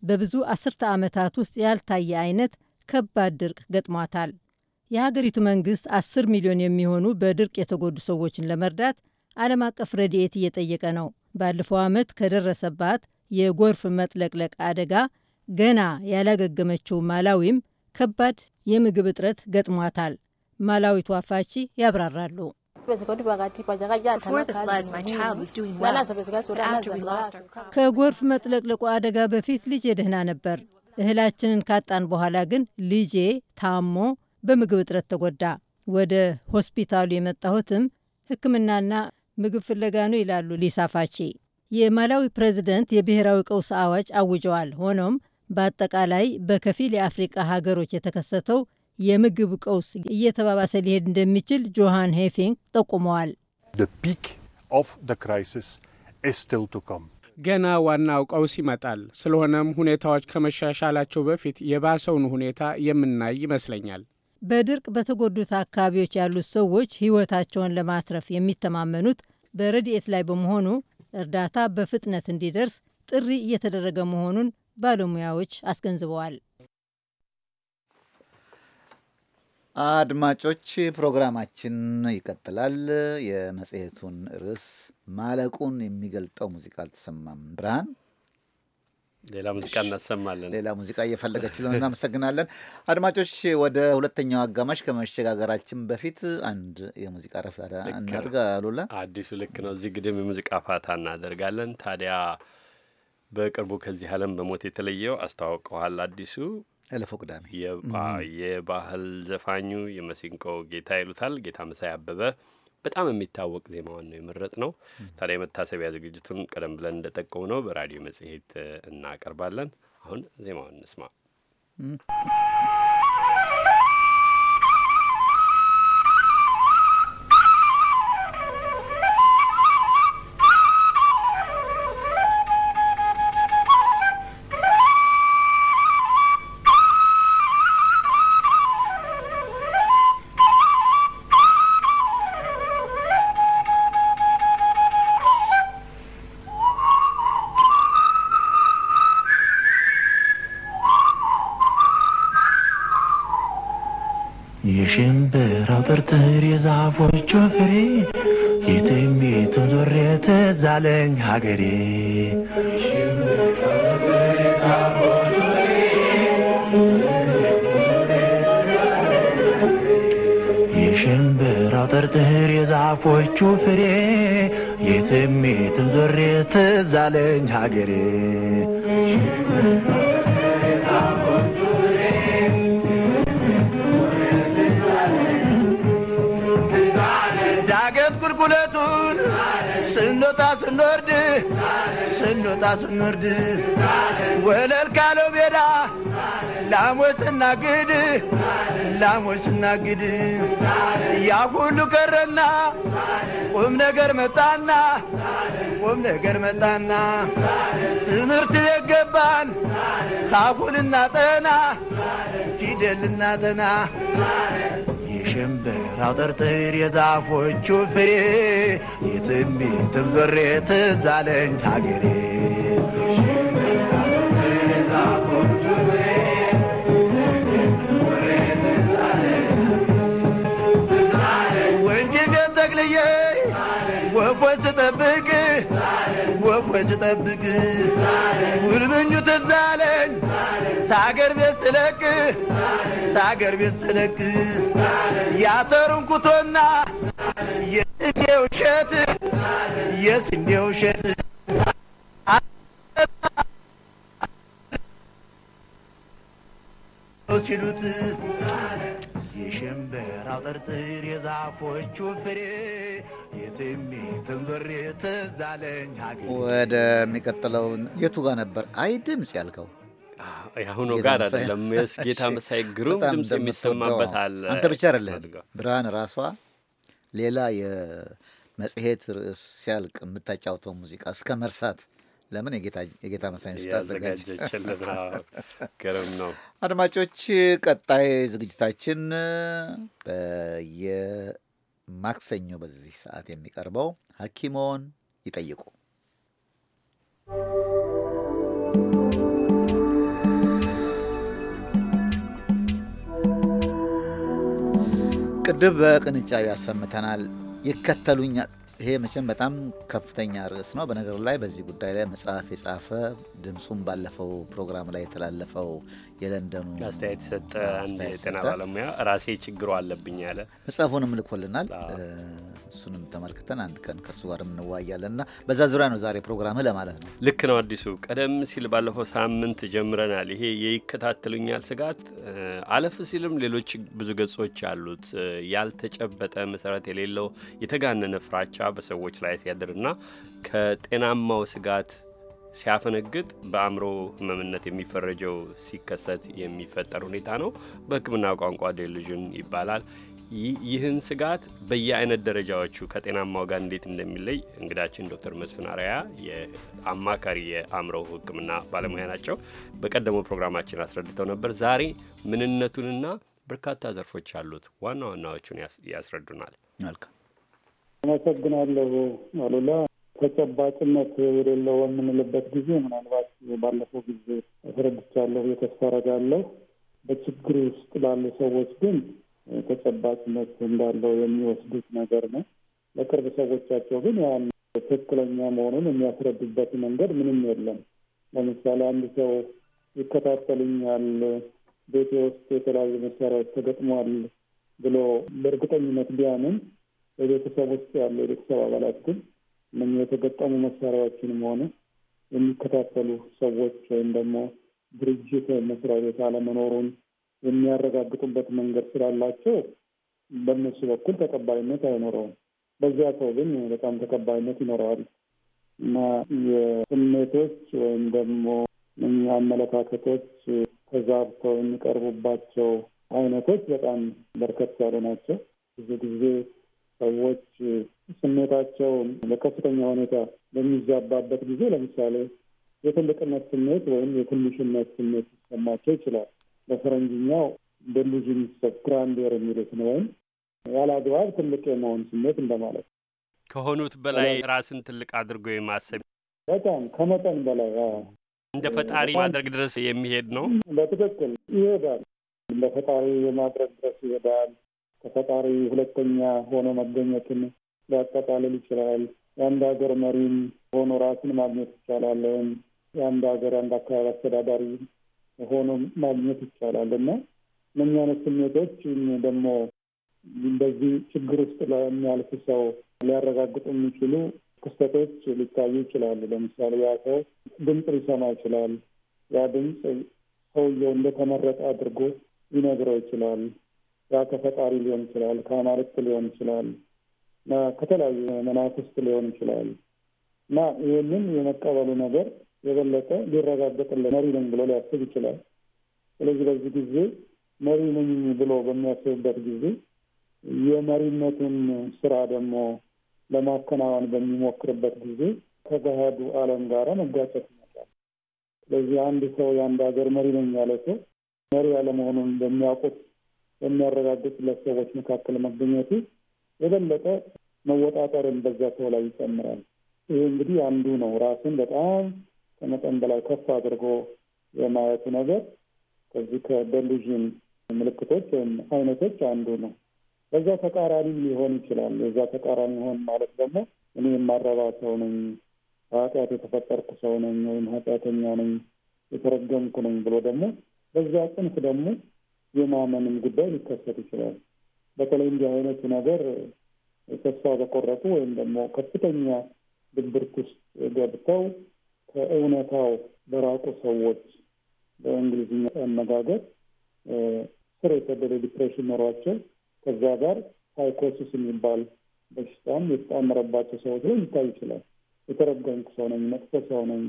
በብዙ አስርተ ዓመታት ውስጥ ያልታየ አይነት ከባድ ድርቅ ገጥሟታል። የሀገሪቱ መንግስት 10 ሚሊዮን የሚሆኑ በድርቅ የተጎዱ ሰዎችን ለመርዳት ዓለም አቀፍ ረድኤት እየጠየቀ ነው። ባለፈው ዓመት ከደረሰባት የጎርፍ መጥለቅለቅ አደጋ ገና ያላገገመችው ማላዊም ከባድ የምግብ እጥረት ገጥሟታል። ማላዊቷ ፋቺ ያብራራሉ። ከጎርፍ መጥለቅለቁ አደጋ በፊት ልጄ ደህና ነበር። እህላችንን ካጣን በኋላ ግን ልጄ ታሞ በምግብ እጥረት ተጎዳ። ወደ ሆስፒታሉ የመጣሁትም ሕክምናና ምግብ ፍለጋ ነው ይላሉ ሊሳ ፋቺ። የማላዊ ፕሬዚደንት የብሔራዊ ቀውስ አዋጅ አውጀዋል። ሆኖም በአጠቃላይ በከፊል የአፍሪቃ ሀገሮች የተከሰተው የምግብ ቀውስ እየተባባሰ ሊሄድ እንደሚችል ጆሃን ሄፊንግ ጠቁመዋል። ገና ዋናው ቀውስ ይመጣል። ስለሆነም ሁኔታዎች ከመሻሻላቸው በፊት የባሰውን ሁኔታ የምናይ ይመስለኛል። በድርቅ በተጎዱት አካባቢዎች ያሉት ሰዎች ሕይወታቸውን ለማትረፍ የሚተማመኑት በረድኤት ላይ በመሆኑ እርዳታ በፍጥነት እንዲደርስ ጥሪ እየተደረገ መሆኑን ባለሙያዎች አስገንዝበዋል። አድማጮች ፕሮግራማችን ይቀጥላል። የመጽሔቱን ርዕስ ማለቁን የሚገልጠው ሙዚቃ አልተሰማም። ብርሃን ሌላ ሙዚቃ እናሰማለን። ሌላ ሙዚቃ እየፈለገች ነው። እናመሰግናለን። አድማጮች ወደ ሁለተኛው አጋማሽ ከመሸጋገራችን በፊት አንድ የሙዚቃ ረፍት እናድርግ። አሉላ አዲሱ ልክ ነው። እዚህ ግድም የሙዚቃ ፋታ እናደርጋለን። ታዲያ በቅርቡ ከዚህ ዓለም በሞት የተለየው አስተዋውቀዋል። አዲሱ ያለፈው ቅዳሜ የባህል ዘፋኙ የመሲንቆ ጌታ ይሉታል ጌታ መሳይ አበበ በጣም የሚታወቅ ዜማዋን ነው የመረጥ ነው። ታዲያ የመታሰቢያ ዝግጅቱን ቀደም ብለን እንደጠቀሙ ነው በራዲዮ መጽሔት እናቀርባለን። አሁን ዜማውን እንስማ። አለኝ ሀገሬ የሽምብራው ጥርጥር የዛፎቹ ፍሬ የትም የትም ዞሬ ትዝ አለኝ ሀገሬ ስንወርድ ስንወጣ ስንወርድ ወለል ካለው ቤዳ ላሞች ስናግድ ላሞች ስናግድ ያ ሁሉ ቀረና ቁም ነገር መጣና ቁም ነገር መጣና ትምህርት ቤት ገባን ታኩልና ጠና ፊደልና ጠና ጀንበር አውጠርጥር የዛፎቹ ፍሬ የትንቢትም ዞሬ ትዝ ሀገሬ ተክልዬ ወፎች ስጠብቅ ወፎች ስጠብቅ ጉልብኙ ትዛለኝ ሳገር ቤት ስለቅ ሳገር ቤት ስለቅ ያተሩን ኩቶና የስንዴው እሸት የስንዴው እሸት ሲሉት ሽምብራ ጥርጥር የዛፎቹ ፍሬ ወደ የሚቀጥለው የቱ ጋር ነበር? አይ ድምፅ ያልከው ጋር አይደለም። መሳይ ግሩም ድምፅ የሚሰማበት አለ። አንተ ብቻ አይደለህም። ብርሃን ራሷ ሌላ የመጽሔት ርዕስ ሲያልቅ የምታጫውተው ሙዚቃ እስከ መርሳት ለምን የጌታ መሳኝ ስታዘጋጀችለት ነው። አድማጮች፣ ቀጣይ ዝግጅታችን በየማክሰኞ በዚህ ሰዓት የሚቀርበው ሐኪሞን ይጠይቁ ቅድም በቅንጫ ያሰምተናል ይከተሉኛል ይሄ መቼም በጣም ከፍተኛ ርዕስ ነው። በነገር ላይ በዚህ ጉዳይ ላይ መጽሐፍ የጻፈ ድምፁም ባለፈው ፕሮግራም ላይ የተላለፈው የለንደኑ አስተያየት የሰጠ አንድ የጤና ባለሙያ ራሴ ችግሩ አለብኝ ያለ መጽሐፉንም ልኮልናል። እሱንም ተመልክተን አንድ ቀን ከእሱ ጋር እንወያያለን እና በዛ ዙሪያ ነው ዛሬ ፕሮግራምህ ለማለት ነው። ልክ ነው አዲሱ። ቀደም ሲል ባለፈው ሳምንት ጀምረናል። ይሄ የይከታተሉኛል ስጋት አለፍ ሲልም ሌሎች ብዙ ገጾች አሉት። ያልተጨበጠ መሰረት የሌለው የተጋነነ ፍራቻ በሰዎች ላይ ሲያድርና ከጤናማው ስጋት ሲያፈነግጥ በአእምሮ ህመምነት የሚፈረጀው ሲከሰት የሚፈጠር ሁኔታ ነው። በሕክምና ቋንቋ ዴልዥን ይባላል። ይህን ስጋት በየአይነት ደረጃዎቹ ከጤናማው ጋር እንዴት እንደሚለይ እንግዳችን ዶክተር መስፍን አርያ የአማካሪ የአእምሮ ሕክምና ባለሙያ ናቸው። በቀደመው ፕሮግራማችን አስረድተው ነበር። ዛሬ ምንነቱንና በርካታ ዘርፎች አሉት ዋና ዋናዎቹን ያስረዱናል። አመሰግናለሁ አሉላ። ተጨባጭነት የሌለው የምንልበት ጊዜ ምናልባት ባለፈው ጊዜ ተረድቻለሁ፣ የተስፋ አደርጋለሁ። በችግር ውስጥ ላሉ ሰዎች ግን ተጨባጭነት እንዳለው የሚወስዱት ነገር ነው። ለቅርብ ሰዎቻቸው ግን ያን ትክክለኛ መሆኑን የሚያስረዱበት መንገድ ምንም የለም። ለምሳሌ አንድ ሰው ይከታተልኛል፣ ቤቴ ውስጥ የተለያዩ መሳሪያዎች ተገጥሟል ብሎ በእርግጠኝነት ቢያምን በቤተሰብ ውስጥ ያለው የቤተሰብ አባላት ግን ምን የተገጠሙ መሳሪያዎችንም ሆነ የሚከታተሉ ሰዎች ወይም ደግሞ ድርጅት መስሪያ ቤት አለመኖሩን የሚያረጋግጡበት መንገድ ስላላቸው በእነሱ በኩል ተቀባይነት አይኖረውም። በዚያ ሰው ግን በጣም ተቀባይነት ይኖረዋል እና የስሜቶች ወይም ደግሞ አመለካከቶች ተዛብተው የሚቀርቡባቸው አይነቶች በጣም በርከት ያሉ ናቸው። ብዙ ጊዜ ሰዎች ስሜታቸው በከፍተኛ ሁኔታ በሚዛባበት ጊዜ ለምሳሌ የትልቅነት ስሜት ወይም የትንሽነት ስሜት ሊሰማቸው ይችላል። በፈረንጅኛው ደሉዥን ኦፍ ግራንዴር የሚሉት ነው። ወይም ያለ አግባብ ትልቅ የመሆን ስሜት እንደማለት ከሆኑት በላይ ራስን ትልቅ አድርጎ የማሰብ በጣም ከመጠን በላይ እንደ ፈጣሪ ማድረግ ድረስ የሚሄድ ነው። በትክክል ይሄዳል። እንደ ፈጣሪ የማድረግ ድረስ ይሄዳል። ከፈጣሪ ሁለተኛ ሆኖ መገኘትን ሊያጠቃልል ይችላል። የአንድ ሀገር መሪም ሆኖ ራስን ማግኘት ይቻላል። የአንድ ሀገር የአንድ አካባቢ አስተዳዳሪ ሆኖ ማግኘት ይቻላል እና እነኛ አይነት ስሜቶች ደግሞ በዚህ ችግር ውስጥ ለሚያልፍ ሰው ሊያረጋግጡ የሚችሉ ክስተቶች ሊታዩ ይችላሉ። ለምሳሌ ያ ሰው ድምፅ ሊሰማ ይችላል። ያ ድምፅ ሰውየው እንደተመረጠ አድርጎ ሊነግረው ይችላል። ያ ከፈጣሪ ሊሆን ይችላል፣ ከአማልክት ሊሆን ይችላል እና ከተለያዩ መናፍስት ሊሆን ይችላል እና ይህንን የመቀበሉ ነገር የበለጠ ሊረጋገጥለት መሪ ነኝ ብሎ ሊያስብ ይችላል። ስለዚህ በዚህ ጊዜ መሪ ነኝ ብሎ በሚያስብበት ጊዜ የመሪነቱን ስራ ደግሞ ለማከናወን በሚሞክርበት ጊዜ ከገሃዱ ዓለም ጋራ መጋጨት ይመጣል። ስለዚህ አንድ ሰው የአንድ ሀገር መሪ ነኝ ያለ ሰው መሪ ያለመሆኑን በሚያውቁት የሚያረጋግጡለት ሰዎች መካከል መገኘቱ የበለጠ መወጣጠርን በዛ ሰው ላይ ይጨምራል። ይህ እንግዲህ አንዱ ነው። ራሱን በጣም ከመጠን በላይ ከፍ አድርጎ የማየቱ ነገር ከዚህ ከደሉዥን ምልክቶች ወይም አይነቶች አንዱ ነው። በዛ ተቃራኒ ሊሆን ይችላል። የዛ ተቃራኒ ሆን ማለት ደግሞ እኔ የማረባ ሰው ነኝ፣ በኃጢአት የተፈጠርኩ ሰው ነኝ፣ ወይም ኃጢአተኛ ነኝ፣ የተረገምኩ ነኝ ብሎ ደግሞ በዛ ጽንፍ ደግሞ የማመንም ጉዳይ ሊከሰት ይችላል። በተለይ እንዲህ አይነቱ ነገር ተስፋ በቆረጡ ወይም ደግሞ ከፍተኛ ድብርት ውስጥ ገብተው ከእውነታው በራቁ ሰዎች በእንግሊዝኛ አነጋገር ስር የሰደደ ዲፕሬሽን ኖሯቸው ከዛ ጋር ሳይኮሲስ የሚባል በሽታም የተጣመረባቸው ሰዎች ላይ ሊታይ ይችላል። የተረገምኩ ሰው ነኝ፣ መጥፎ ሰው ነኝ፣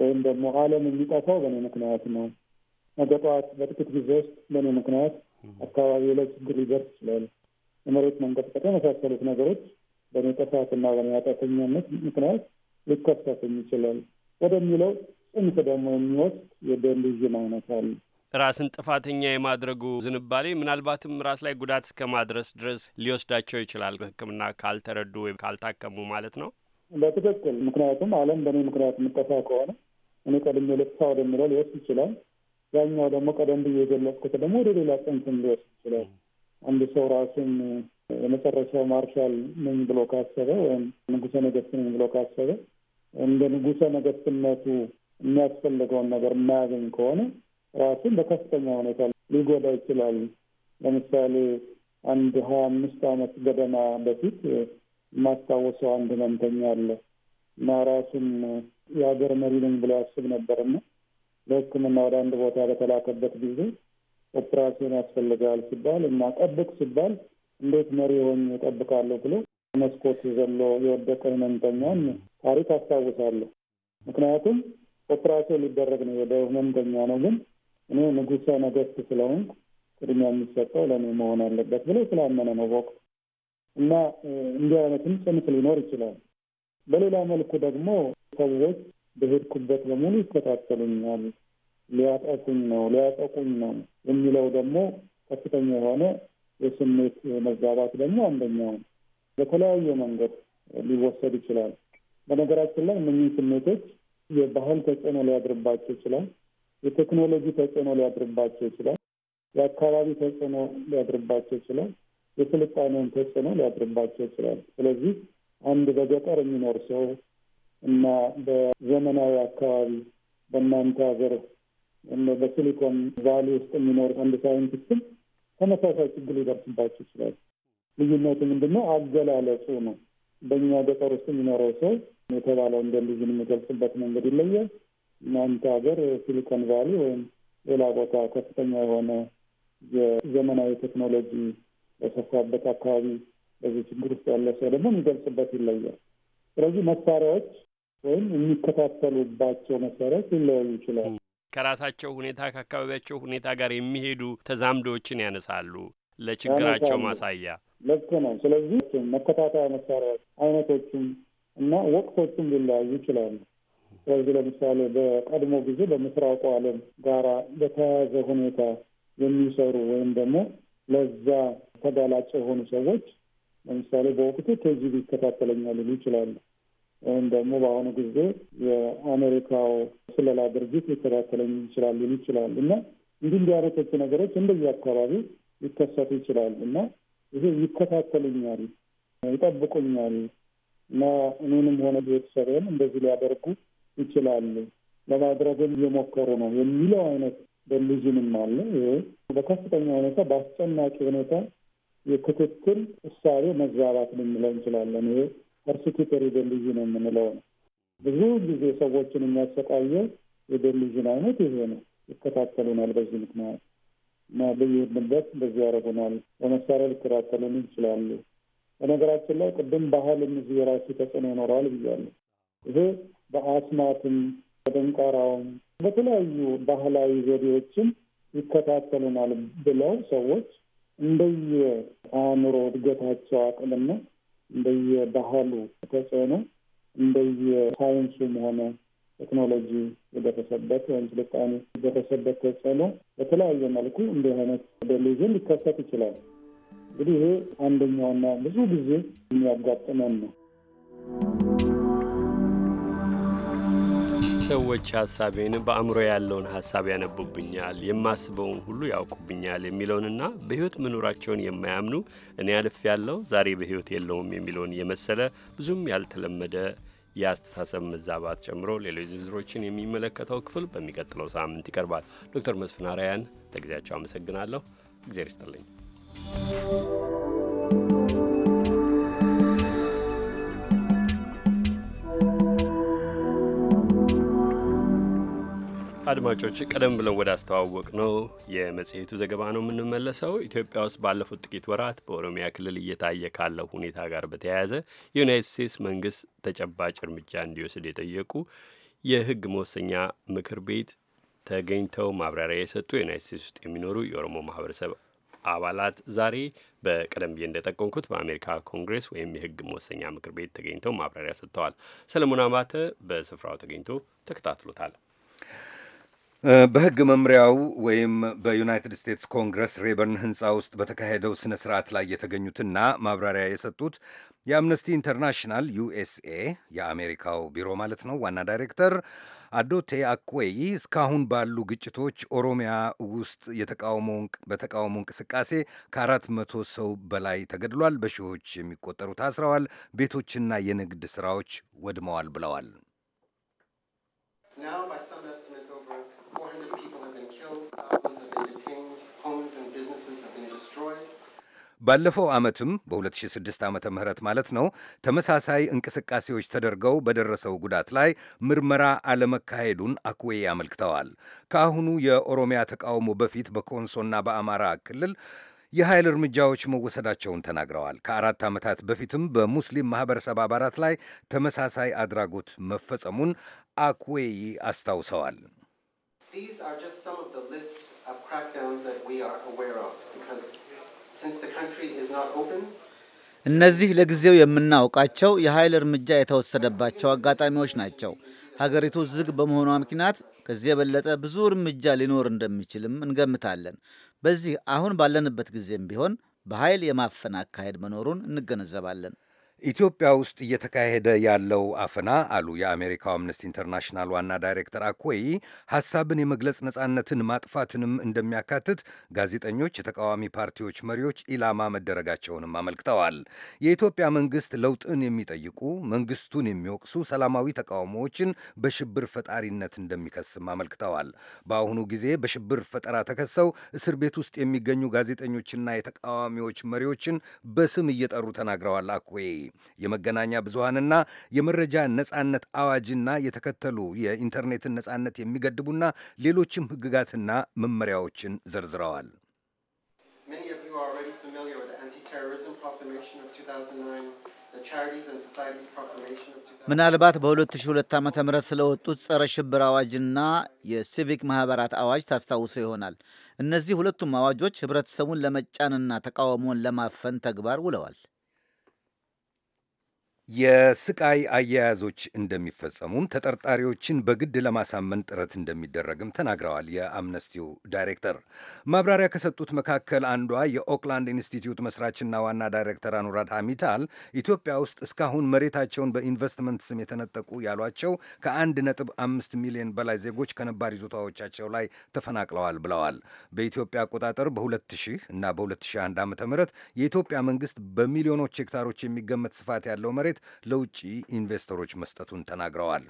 ወይም ደግሞ ዓለም የሚጠፋው በእኔ ምክንያት ነው ነገ ጠዋት በጥቂት ጊዜ ውስጥ በእኔ ምክንያት አካባቢው ላይ ችግር ሊደርስ ይችላል። የመሬት መንቀጥቀጥ የመሳሰሉት ነገሮች በእኔ ጥፋትና በእኔ ምክንያት ሊከሰትም ይችላል ወደሚለው ጽንፍ ደግሞ የሚወስድ የደንዝን ማይነት አለ። ራስን ጥፋተኛ የማድረጉ ዝንባሌ ምናልባትም ራስ ላይ ጉዳት እስከ ማድረስ ድረስ ሊወስዳቸው ይችላል፣ ሕክምና ካልተረዱ ወይም ካልታከሙ ማለት ነው። በትክክል ምክንያቱም ዓለም በእኔ ምክንያት የምጠፋ ከሆነ እኔ ቀድሜ ልጥፋ ወደሚለው ሊወስድ ይችላል። ያኛው ደግሞ ቀደም ብዬ የገለጽኩት ደግሞ ወደ ሌላ ጽንፍ ሊወስድ ይችላል። አንድ ሰው ራሱን የመጨረሻው ማርሻል ነኝ ብሎ ካሰበ ወይም ንጉሰ ነገስት ነኝ ብሎ ካሰበ እንደ ንጉሰ ነገስትነቱ የሚያስፈልገውን ነገር የማያገኝ ከሆነ ራሱን በከፍተኛ ሁኔታ ሊጎዳ ይችላል። ለምሳሌ አንድ ሀያ አምስት አመት ገደማ በፊት የማስታወሰው አንድ ህመምተኛ አለ እና ራሱን የሀገር መሪ ነኝ ብሎ ያስብ ነበርና ለሕክምና ወደ አንድ ቦታ በተላከበት ጊዜ ኦፕራሲዮን ያስፈልገዋል ሲባል እና ጠብቅ ሲባል እንዴት መሪ ሆኜ እጠብቃለሁ ብሎ መስኮት ዘሎ የወደቀ ህመምተኛን ታሪክ አስታውሳለሁ። ምክንያቱም ኦፕራሲዮን ሊደረግ ነው ወደ ህመምተኛ ነው፣ ግን እኔ ንጉሠ ነገሥት ስለሆንኩ ቅድሚያ የሚሰጠው ለእኔ መሆን አለበት ብሎ ስላመነ ነው በወቅቱ እና እንዲህ አይነትም ጽንፍ ሊኖር ይችላል። በሌላ መልኩ ደግሞ ሰዎች በሄድኩበት በሙሉ ይከታተሉኛል፣ ሊያጠቁኝ ነው ሊያጠቁኝ ነው የሚለው ደግሞ ከፍተኛ የሆነ የስሜት መዛባት ደግሞ አንደኛው በተለያየ መንገድ ሊወሰድ ይችላል። በነገራችን ላይ እነዚህ ስሜቶች የባህል ተጽዕኖ ሊያድርባቸው ይችላል። የቴክኖሎጂ ተጽዕኖ ሊያድርባቸው ይችላል። የአካባቢ ተጽዕኖ ሊያድርባቸው ይችላል። የስልጣኔውን ተጽዕኖ ሊያድርባቸው ይችላል። ስለዚህ አንድ በገጠር የሚኖር ሰው እና በዘመናዊ አካባቢ በእናንተ ሀገር በሲሊኮን ቫሊ ውስጥ የሚኖር አንድ ሳይንቲስትም ተመሳሳይ ችግር ሊደርስባቸው ይችላል። ልዩነቱ ምንድን ነው? አገላለጹ ነው። በእኛ ገጠር ውስጥ የሚኖረው ሰው የተባለው ደልዝን የሚገልጽበት መንገድ ይለያል። እናንተ ሀገር ሲሊኮን ቫሊ ወይም ሌላ ቦታ ከፍተኛ የሆነ የዘመናዊ ቴክኖሎጂ በሰፋበት አካባቢ በዚህ ችግር ውስጥ ያለ ሰው ደግሞ የሚገልጽበት ይለያል። ስለዚህ መሳሪያዎች ወይም የሚከታተሉባቸው መሰረት ሊለያዩ ይችላል። ከራሳቸው ሁኔታ ከአካባቢያቸው ሁኔታ ጋር የሚሄዱ ተዛምዶዎችን ያነሳሉ ለችግራቸው ማሳያ። ልክ ነው። ስለዚህ መከታተያ መሳሪያ አይነቶችም እና ወቅቶችም ሊለያዩ ይችላሉ። ስለዚህ ለምሳሌ በቀድሞ ጊዜ በምስራቁ ዓለም ጋራ በተያያዘ ሁኔታ የሚሰሩ ወይም ደግሞ ለዛ ተጋላጭ የሆኑ ሰዎች ለምሳሌ በወቅቱ ኬጂቢ ይከታተለኛል ሊሉ ይችላሉ። ወይም ደግሞ በአሁኑ ጊዜ የአሜሪካው ስለላ ድርጅት ሊከታተለኝ ይችላል ሊሉ ይችላል እና እንዲህ እንዲህ አይነቶቹ ነገሮች እንደዚህ አካባቢ ሊከሰቱ ይችላል እና ይሄ ይከታተሉኛል፣ ይጠብቁኛል እና እኔንም ሆነ ቤተሰብን እንደዚህ ሊያደርጉ ይችላሉ፣ ለማድረግም እየሞከሩ ነው የሚለው አይነት ደልዥንም አለ። ይሄ በከፍተኛ ሁኔታ በአስጨናቂ ሁኔታ የክትትል እሳቤ መዛባት ልንለው እንችላለን። ይሄ ፐርሲኪተሪ ዴሊዥን የምንለው ነው። ብዙ ጊዜ ሰዎችን የሚያሰቃየው የዴሊዥን አይነት ይሄ ነው። ይከታተሉናል። በዚህ ምክንያት እና በየሄድንበት በዚህ ያደረጉናል። በመሳሪያ ሊከታተሉን ይችላሉ። በነገራችን ላይ ቅድም ባህል እዚህ የራሱ ተጽዕኖ ይኖረዋል ብያለሁ። ይሄ በአስማትም በደንቃራውም በተለያዩ ባህላዊ ዘዴዎችም ይከታተሉናል ብለው ሰዎች እንደየ አእምሮ እድገታቸው አቅምና እንደየባህሉ ተጽዕኖ እንደየሳይንሱም ሆነ ቴክኖሎጂ የደረሰበት ወይም ስልጣኔ የደረሰበት ተጽዕኖ በተለያየ መልኩ እንዲህ አይነት ደሊዝን ሊከሰት ይችላል። እንግዲህ ይሄ አንደኛውና ብዙ ጊዜ የሚያጋጥመን ነው። ሰዎች ሀሳቤን በአእምሮ ያለውን ሀሳብ ያነቡብኛል፣ የማስበውን ሁሉ ያውቁብኛል የሚለውንና በሕይወት መኖራቸውን የማያምኑ እኔ አልፍ ያለው ዛሬ በሕይወት የለውም የሚለውን የመሰለ ብዙም ያልተለመደ የአስተሳሰብ መዛባት ጨምሮ ሌሎች ዝርዝሮችን የሚመለከተው ክፍል በሚቀጥለው ሳምንት ይቀርባል። ዶክተር መስፍን አርያን ለጊዜያቸው አመሰግናለሁ። እግዜር ይስጥልኝ። አድማጮች ቀደም ብለን ወደ አስተዋወቅ ነው የመጽሔቱ ዘገባ ነው የምንመለሰው። ኢትዮጵያ ውስጥ ባለፉት ጥቂት ወራት በኦሮሚያ ክልል እየታየ ካለው ሁኔታ ጋር በተያያዘ የዩናይትድ ስቴትስ መንግስት ተጨባጭ እርምጃ እንዲወስድ የጠየቁ የህግ መወሰኛ ምክር ቤት ተገኝተው ማብራሪያ የሰጡ የዩናይት ስቴትስ ውስጥ የሚኖሩ የኦሮሞ ማህበረሰብ አባላት ዛሬ በቀደም ብዬ እንደጠቀምኩት በአሜሪካ ኮንግሬስ ወይም የህግ መወሰኛ ምክር ቤት ተገኝተው ማብራሪያ ሰጥተዋል። ሰለሞን አባተ በስፍራው ተገኝቶ ተከታትሎታል። በህግ መምሪያው ወይም በዩናይትድ ስቴትስ ኮንግረስ ሬበርን ህንፃ ውስጥ በተካሄደው ስነ ስርዓት ላይ የተገኙትና ማብራሪያ የሰጡት የአምነስቲ ኢንተርናሽናል ዩኤስኤ የአሜሪካው ቢሮ ማለት ነው ዋና ዳይሬክተር አዶቴ አኩዌይ እስካሁን ባሉ ግጭቶች ኦሮሚያ ውስጥ በተቃውሞ እንቅስቃሴ ከአራት መቶ ሰው በላይ ተገድሏል፣ በሺዎች የሚቆጠሩ ታስረዋል፣ ቤቶችና የንግድ ስራዎች ወድመዋል ብለዋል። ባለፈው ዓመትም በ2006 ዓ. ምህረት ማለት ነው። ተመሳሳይ እንቅስቃሴዎች ተደርገው በደረሰው ጉዳት ላይ ምርመራ አለመካሄዱን አኩዌ አመልክተዋል። ከአሁኑ የኦሮሚያ ተቃውሞ በፊት በኮንሶና በአማራ ክልል የኃይል እርምጃዎች መወሰዳቸውን ተናግረዋል። ከአራት ዓመታት በፊትም በሙስሊም ማኅበረሰብ አባላት ላይ ተመሳሳይ አድራጎት መፈጸሙን አኩዌይ አስታውሰዋል። These are just some of the lists of crackdowns that we are aware of because since the country is not open እነዚህ ለጊዜው የምናውቃቸው የኃይል እርምጃ የተወሰደባቸው አጋጣሚዎች ናቸው። ሀገሪቱ ዝግ በመሆኗ ምክንያት ከዚህ የበለጠ ብዙ እርምጃ ሊኖር እንደሚችልም እንገምታለን። በዚህ አሁን ባለንበት ጊዜም ቢሆን በኃይል የማፈን አካሄድ መኖሩን እንገነዘባለን። ኢትዮጵያ ውስጥ እየተካሄደ ያለው አፈና አሉ የአሜሪካው አምነስቲ ኢንተርናሽናል ዋና ዳይሬክተር አኮይ ሐሳብን የመግለጽ ነጻነትን ማጥፋትንም እንደሚያካትት ጋዜጠኞች፣ የተቃዋሚ ፓርቲዎች መሪዎች ኢላማ መደረጋቸውንም አመልክተዋል። የኢትዮጵያ መንግስት ለውጥን የሚጠይቁ መንግስቱን የሚወቅሱ ሰላማዊ ተቃውሞዎችን በሽብር ፈጣሪነት እንደሚከስም አመልክተዋል። በአሁኑ ጊዜ በሽብር ፈጠራ ተከሰው እስር ቤት ውስጥ የሚገኙ ጋዜጠኞችና የተቃዋሚዎች መሪዎችን በስም እየጠሩ ተናግረዋል አኮይ የመገናኛ ብዙሃንና የመረጃ ነጻነት አዋጅና የተከተሉ የኢንተርኔትን ነጻነት የሚገድቡና ሌሎችም ህግጋትና መመሪያዎችን ዘርዝረዋል። ምናልባት በ2002 ዓ ም ስለወጡት ጸረ ሽብር አዋጅና የሲቪክ ማኅበራት አዋጅ ታስታውሶ ይሆናል። እነዚህ ሁለቱም አዋጆች ኅብረተሰቡን ለመጫንና ተቃውሞን ለማፈን ተግባር ውለዋል። የስቃይ አያያዞች እንደሚፈጸሙም ተጠርጣሪዎችን በግድ ለማሳመን ጥረት እንደሚደረግም ተናግረዋል። የአምነስቲው ዳይሬክተር ማብራሪያ ከሰጡት መካከል አንዷ የኦክላንድ ኢንስቲትዩት መስራችና ዋና ዳይሬክተር አኑራድ ሀሚታል ኢትዮጵያ ውስጥ እስካሁን መሬታቸውን በኢንቨስትመንት ስም የተነጠቁ ያሏቸው ከአንድ ነጥብ አምስት ሚሊዮን በላይ ዜጎች ከነባር ይዞታዎቻቸው ላይ ተፈናቅለዋል ብለዋል። በኢትዮጵያ አቆጣጠር በ2000 እና በ2001 ዓ ም የኢትዮጵያ መንግስት በሚሊዮኖች ሄክታሮች የሚገመት ስፋት ያለው መሬት ለውጭ ኢንቨስተሮች መስጠቱን ተናግረዋል።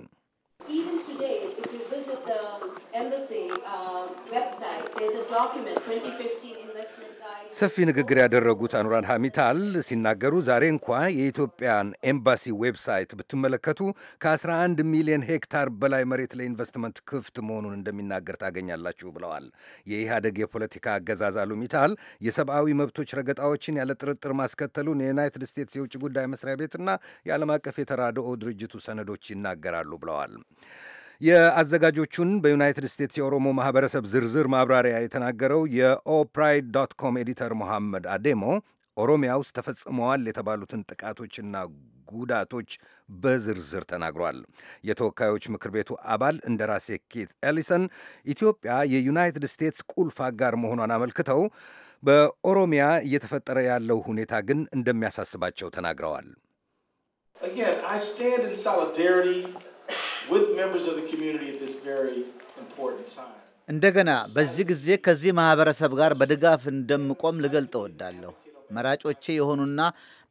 ሰፊ ንግግር ያደረጉት አኑራን ሐሚታል ሲናገሩ ዛሬ እንኳ የኢትዮጵያን ኤምባሲ ዌብሳይት ብትመለከቱ ከ11 ሚሊዮን ሄክታር በላይ መሬት ለኢንቨስትመንት ክፍት መሆኑን እንደሚናገር ታገኛላችሁ ብለዋል። የኢህአደግ የፖለቲካ አገዛዝ አሉ ሚታል የሰብአዊ መብቶች ረገጣዎችን ያለ ጥርጥር ማስከተሉን የዩናይትድ ስቴትስ የውጭ ጉዳይ መስሪያ ቤትና የዓለም አቀፍ የተራድኦ ድርጅቱ ሰነዶች ይናገራሉ ብለዋል። የአዘጋጆቹን በዩናይትድ ስቴትስ የኦሮሞ ማህበረሰብ ዝርዝር ማብራሪያ የተናገረው የኦፕራይድ ዶት ኮም ኤዲተር ሞሐመድ አዴሞ ኦሮሚያ ውስጥ ተፈጽመዋል የተባሉትን ጥቃቶችና ጉዳቶች በዝርዝር ተናግሯል። የተወካዮች ምክር ቤቱ አባል እንደራሴ ኬት ኤሊሰን ኢትዮጵያ የዩናይትድ ስቴትስ ቁልፍ አጋር መሆኗን አመልክተው በኦሮሚያ እየተፈጠረ ያለው ሁኔታ ግን እንደሚያሳስባቸው ተናግረዋል። እንደገና በዚህ ጊዜ ከዚህ ማህበረሰብ ጋር በድጋፍ እንደምቆም ልገልጥ እወዳለሁ። መራጮቼ የሆኑና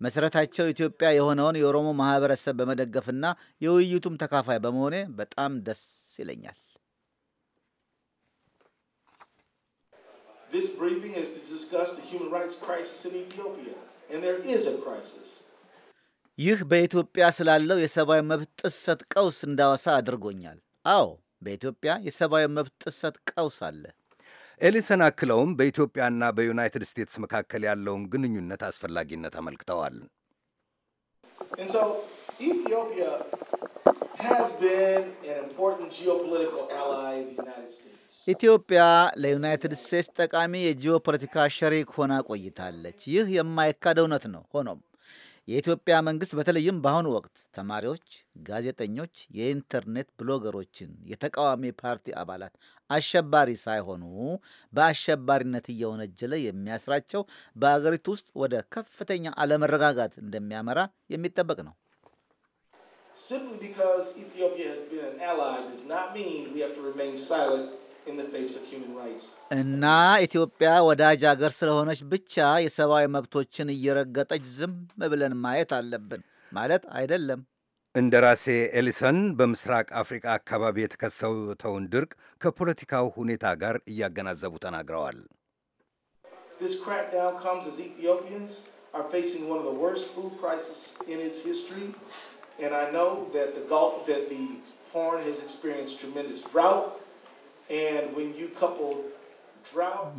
መሠረታቸው ኢትዮጵያ የሆነውን የኦሮሞ ማህበረሰብ በመደገፍና የውይይቱም ተካፋይ በመሆኔ በጣም ደስ ይለኛል። This briefing is to discuss the human rights crisis in Ethiopia, and there is a crisis. ይህ በኢትዮጵያ ስላለው የሰብአዊ መብት ጥሰት ቀውስ እንዳወሳ አድርጎኛል። አዎ በኢትዮጵያ የሰብአዊ መብት ጥሰት ቀውስ አለ። ኤሊሰን አክለውም በኢትዮጵያና በዩናይትድ ስቴትስ መካከል ያለውን ግንኙነት አስፈላጊነት አመልክተዋል። ኢትዮጵያ ለዩናይትድ ስቴትስ ጠቃሚ የጂኦፖለቲካ ሸሪክ ሆና ቆይታለች። ይህ የማይካድ እውነት ነው። ሆኖም የኢትዮጵያ መንግስት በተለይም በአሁኑ ወቅት ተማሪዎች፣ ጋዜጠኞች፣ የኢንተርኔት ብሎገሮችን የተቃዋሚ ፓርቲ አባላት አሸባሪ ሳይሆኑ በአሸባሪነት እየወነጀለ የሚያስራቸው በአገሪቱ ውስጥ ወደ ከፍተኛ አለመረጋጋት እንደሚያመራ የሚጠበቅ ነው። Simply because Ethiopia has been an ally does not mean we have to remain silent. እና ኢትዮጵያ ወዳጅ አገር ስለሆነች ብቻ የሰብአዊ መብቶችን እየረገጠች ዝም ብለን ማየት አለብን ማለት አይደለም። እንደራሴ ኤሊሰን በምስራቅ አፍሪቃ አካባቢ የተከሰተውን ድርቅ ከፖለቲካው ሁኔታ ጋር እያገናዘቡ ተናግረዋል።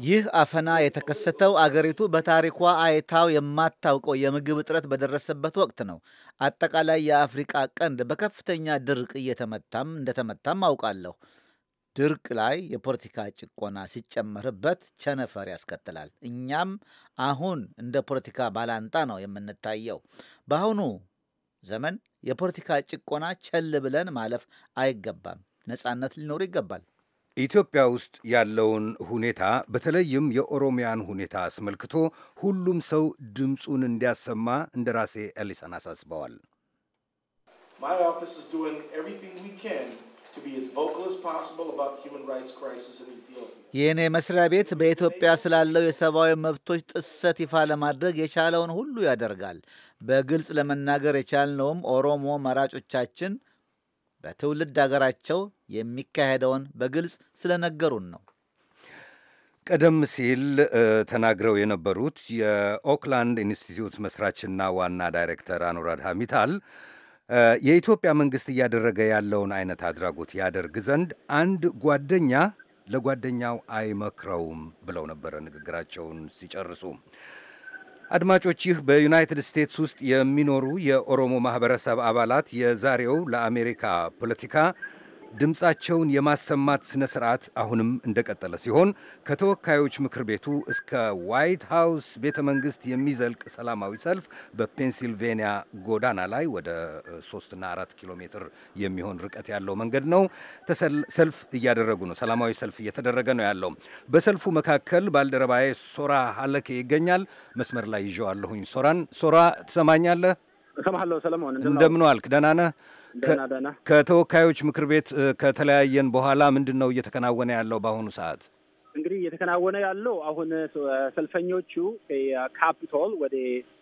ይህ አፈና የተከሰተው አገሪቱ በታሪኳ አይታው የማታውቀው የምግብ እጥረት በደረሰበት ወቅት ነው። አጠቃላይ የአፍሪቃ ቀንድ በከፍተኛ ድርቅ እየተመታም እንደተመታም አውቃለሁ። ድርቅ ላይ የፖለቲካ ጭቆና ሲጨመርበት ቸነፈር ያስከትላል። እኛም አሁን እንደ ፖለቲካ ባላንጣ ነው የምንታየው። በአሁኑ ዘመን የፖለቲካ ጭቆና ቸል ብለን ማለፍ አይገባም። ነጻነት ሊኖር ይገባል። ኢትዮጵያ ውስጥ ያለውን ሁኔታ በተለይም የኦሮሚያን ሁኔታ አስመልክቶ ሁሉም ሰው ድምፁን እንዲያሰማ እንደራሴ ኤሊሰን አሳስበዋል። የእኔ መስሪያ ቤት በኢትዮጵያ ስላለው የሰብአዊ መብቶች ጥሰት ይፋ ለማድረግ የቻለውን ሁሉ ያደርጋል። በግልጽ ለመናገር የቻልነውም ኦሮሞ መራጮቻችን በትውልድ አገራቸው የሚካሄደውን በግልጽ ስለነገሩን ነው። ቀደም ሲል ተናግረው የነበሩት የኦክላንድ ኢንስቲትዩት መስራችና ዋና ዳይሬክተር አኑራድ ሀሚታል የኢትዮጵያ መንግስት እያደረገ ያለውን አይነት አድራጎት ያደርግ ዘንድ አንድ ጓደኛ ለጓደኛው አይመክረውም ብለው ነበረ ንግግራቸውን ሲጨርሱ። አድማጮች፣ ይህ በዩናይትድ ስቴትስ ውስጥ የሚኖሩ የኦሮሞ ማህበረሰብ አባላት የዛሬው ለአሜሪካ ፖለቲካ ድምፃቸውን የማሰማት ስነ ስርዓት አሁንም እንደቀጠለ ሲሆን ከተወካዮች ምክር ቤቱ እስከ ዋይት ሃውስ ቤተ መንግስት የሚዘልቅ ሰላማዊ ሰልፍ በፔንሲልቬንያ ጎዳና ላይ ወደ 3ና 4 ኪሎ ሜትር የሚሆን ርቀት ያለው መንገድ ነው። ሰልፍ እያደረጉ ነው። ሰላማዊ ሰልፍ እየተደረገ ነው ያለው። በሰልፉ መካከል ባልደረባዬ ሶራ ሀለኬ ይገኛል። መስመር ላይ ይዤዋለሁኝ። ሶራን ሶራ፣ ትሰማኛለህ? እሰማለሁ ሰለሞን። እንደምን ዋልክ? ደህና ነህ? ከተወካዮች ምክር ቤት ከተለያየን በኋላ ምንድን ነው እየተከናወነ ያለው በአሁኑ ሰዓት? እንግዲህ እየተከናወነ ያለው አሁን ሰልፈኞቹ ካፒቶል ወደ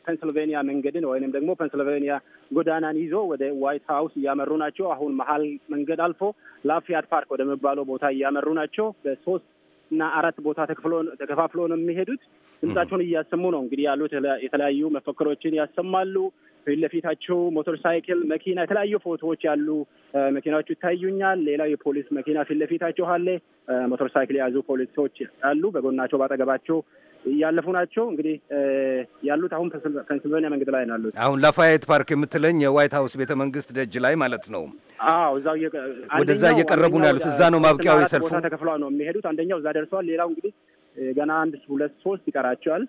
ፔንስልቬኒያ መንገድን ወይንም ደግሞ ፔንስልቬኒያ ጎዳናን ይዞ ወደ ዋይት ሀውስ እያመሩ ናቸው። አሁን መሀል መንገድ አልፎ ላፍያድ ፓርክ ወደሚባለው ቦታ እያመሩ ናቸው። በሶስት እና አራት ቦታ ተከፋፍሎ ነው የሚሄዱት። ድምጻቸውን እያሰሙ ነው እንግዲህ ያሉት። የተለያዩ መፈክሮችን ያሰማሉ። ፊት ለፊታቸው ሞተር ሳይክል፣ መኪና፣ የተለያዩ ፎቶዎች ያሉ መኪናዎቹ ይታዩኛል። ሌላው የፖሊስ መኪና ፊት ለፊታቸው አለ። ሞተር ሳይክል የያዙ ፖሊሶች አሉ። በጎናቸው ባጠገባቸው እያለፉ ናቸው። እንግዲህ ያሉት አሁን ፐንስልቬኒያ መንገድ ላይ ነው ያሉት። አሁን ላፋየት ፓርክ የምትለኝ የዋይት ሀውስ ቤተ መንግስት ደጅ ላይ ማለት ነው። ወደዛ እየቀረቡ ነው ያሉት። እዛ ነው ማብቂያው የሰልፉ። ተከፍሏ ነው የሚሄዱት። አንደኛው እዛ ደርሰዋል። ሌላው እንግዲህ ገና አንድ ሁለት ሶስት ይቀራቸዋል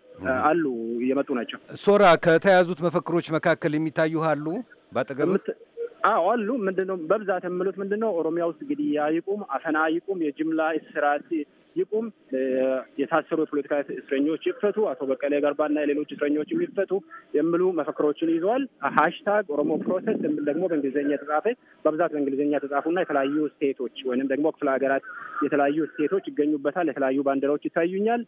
አሉ፣ እየመጡ ናቸው። ሶራ ከተያዙት መፈክሮች መካከል የሚታዩ አሉ ባጠገብት አዎ አሉ። ምንድነው በብዛት የምሉት ምንድነው ኦሮሚያ ውስጥ ግድያ ይቁም፣ አፈና ይቁም፣ የጅምላ እስራት ይቁም፣ የታሰሩ የፖለቲካ እስረኞች ይፈቱ፣ አቶ በቀለ ገርባና የሌሎች እስረኞች ይፈቱ የሚሉ መፈክሮችን ይዘዋል። ሀሽታግ ኦሮሞ ፕሮሰስ የሚል ደግሞ በእንግሊዝኛ የተጻፈ በብዛት በእንግሊዝኛ የተጻፉና የተለያዩ ስቴቶች ወይንም ደግሞ ክፍለ ሀገራት የተለያዩ ስቴቶች ይገኙበታል። የተለያዩ ባንዲራዎች ይታዩኛል።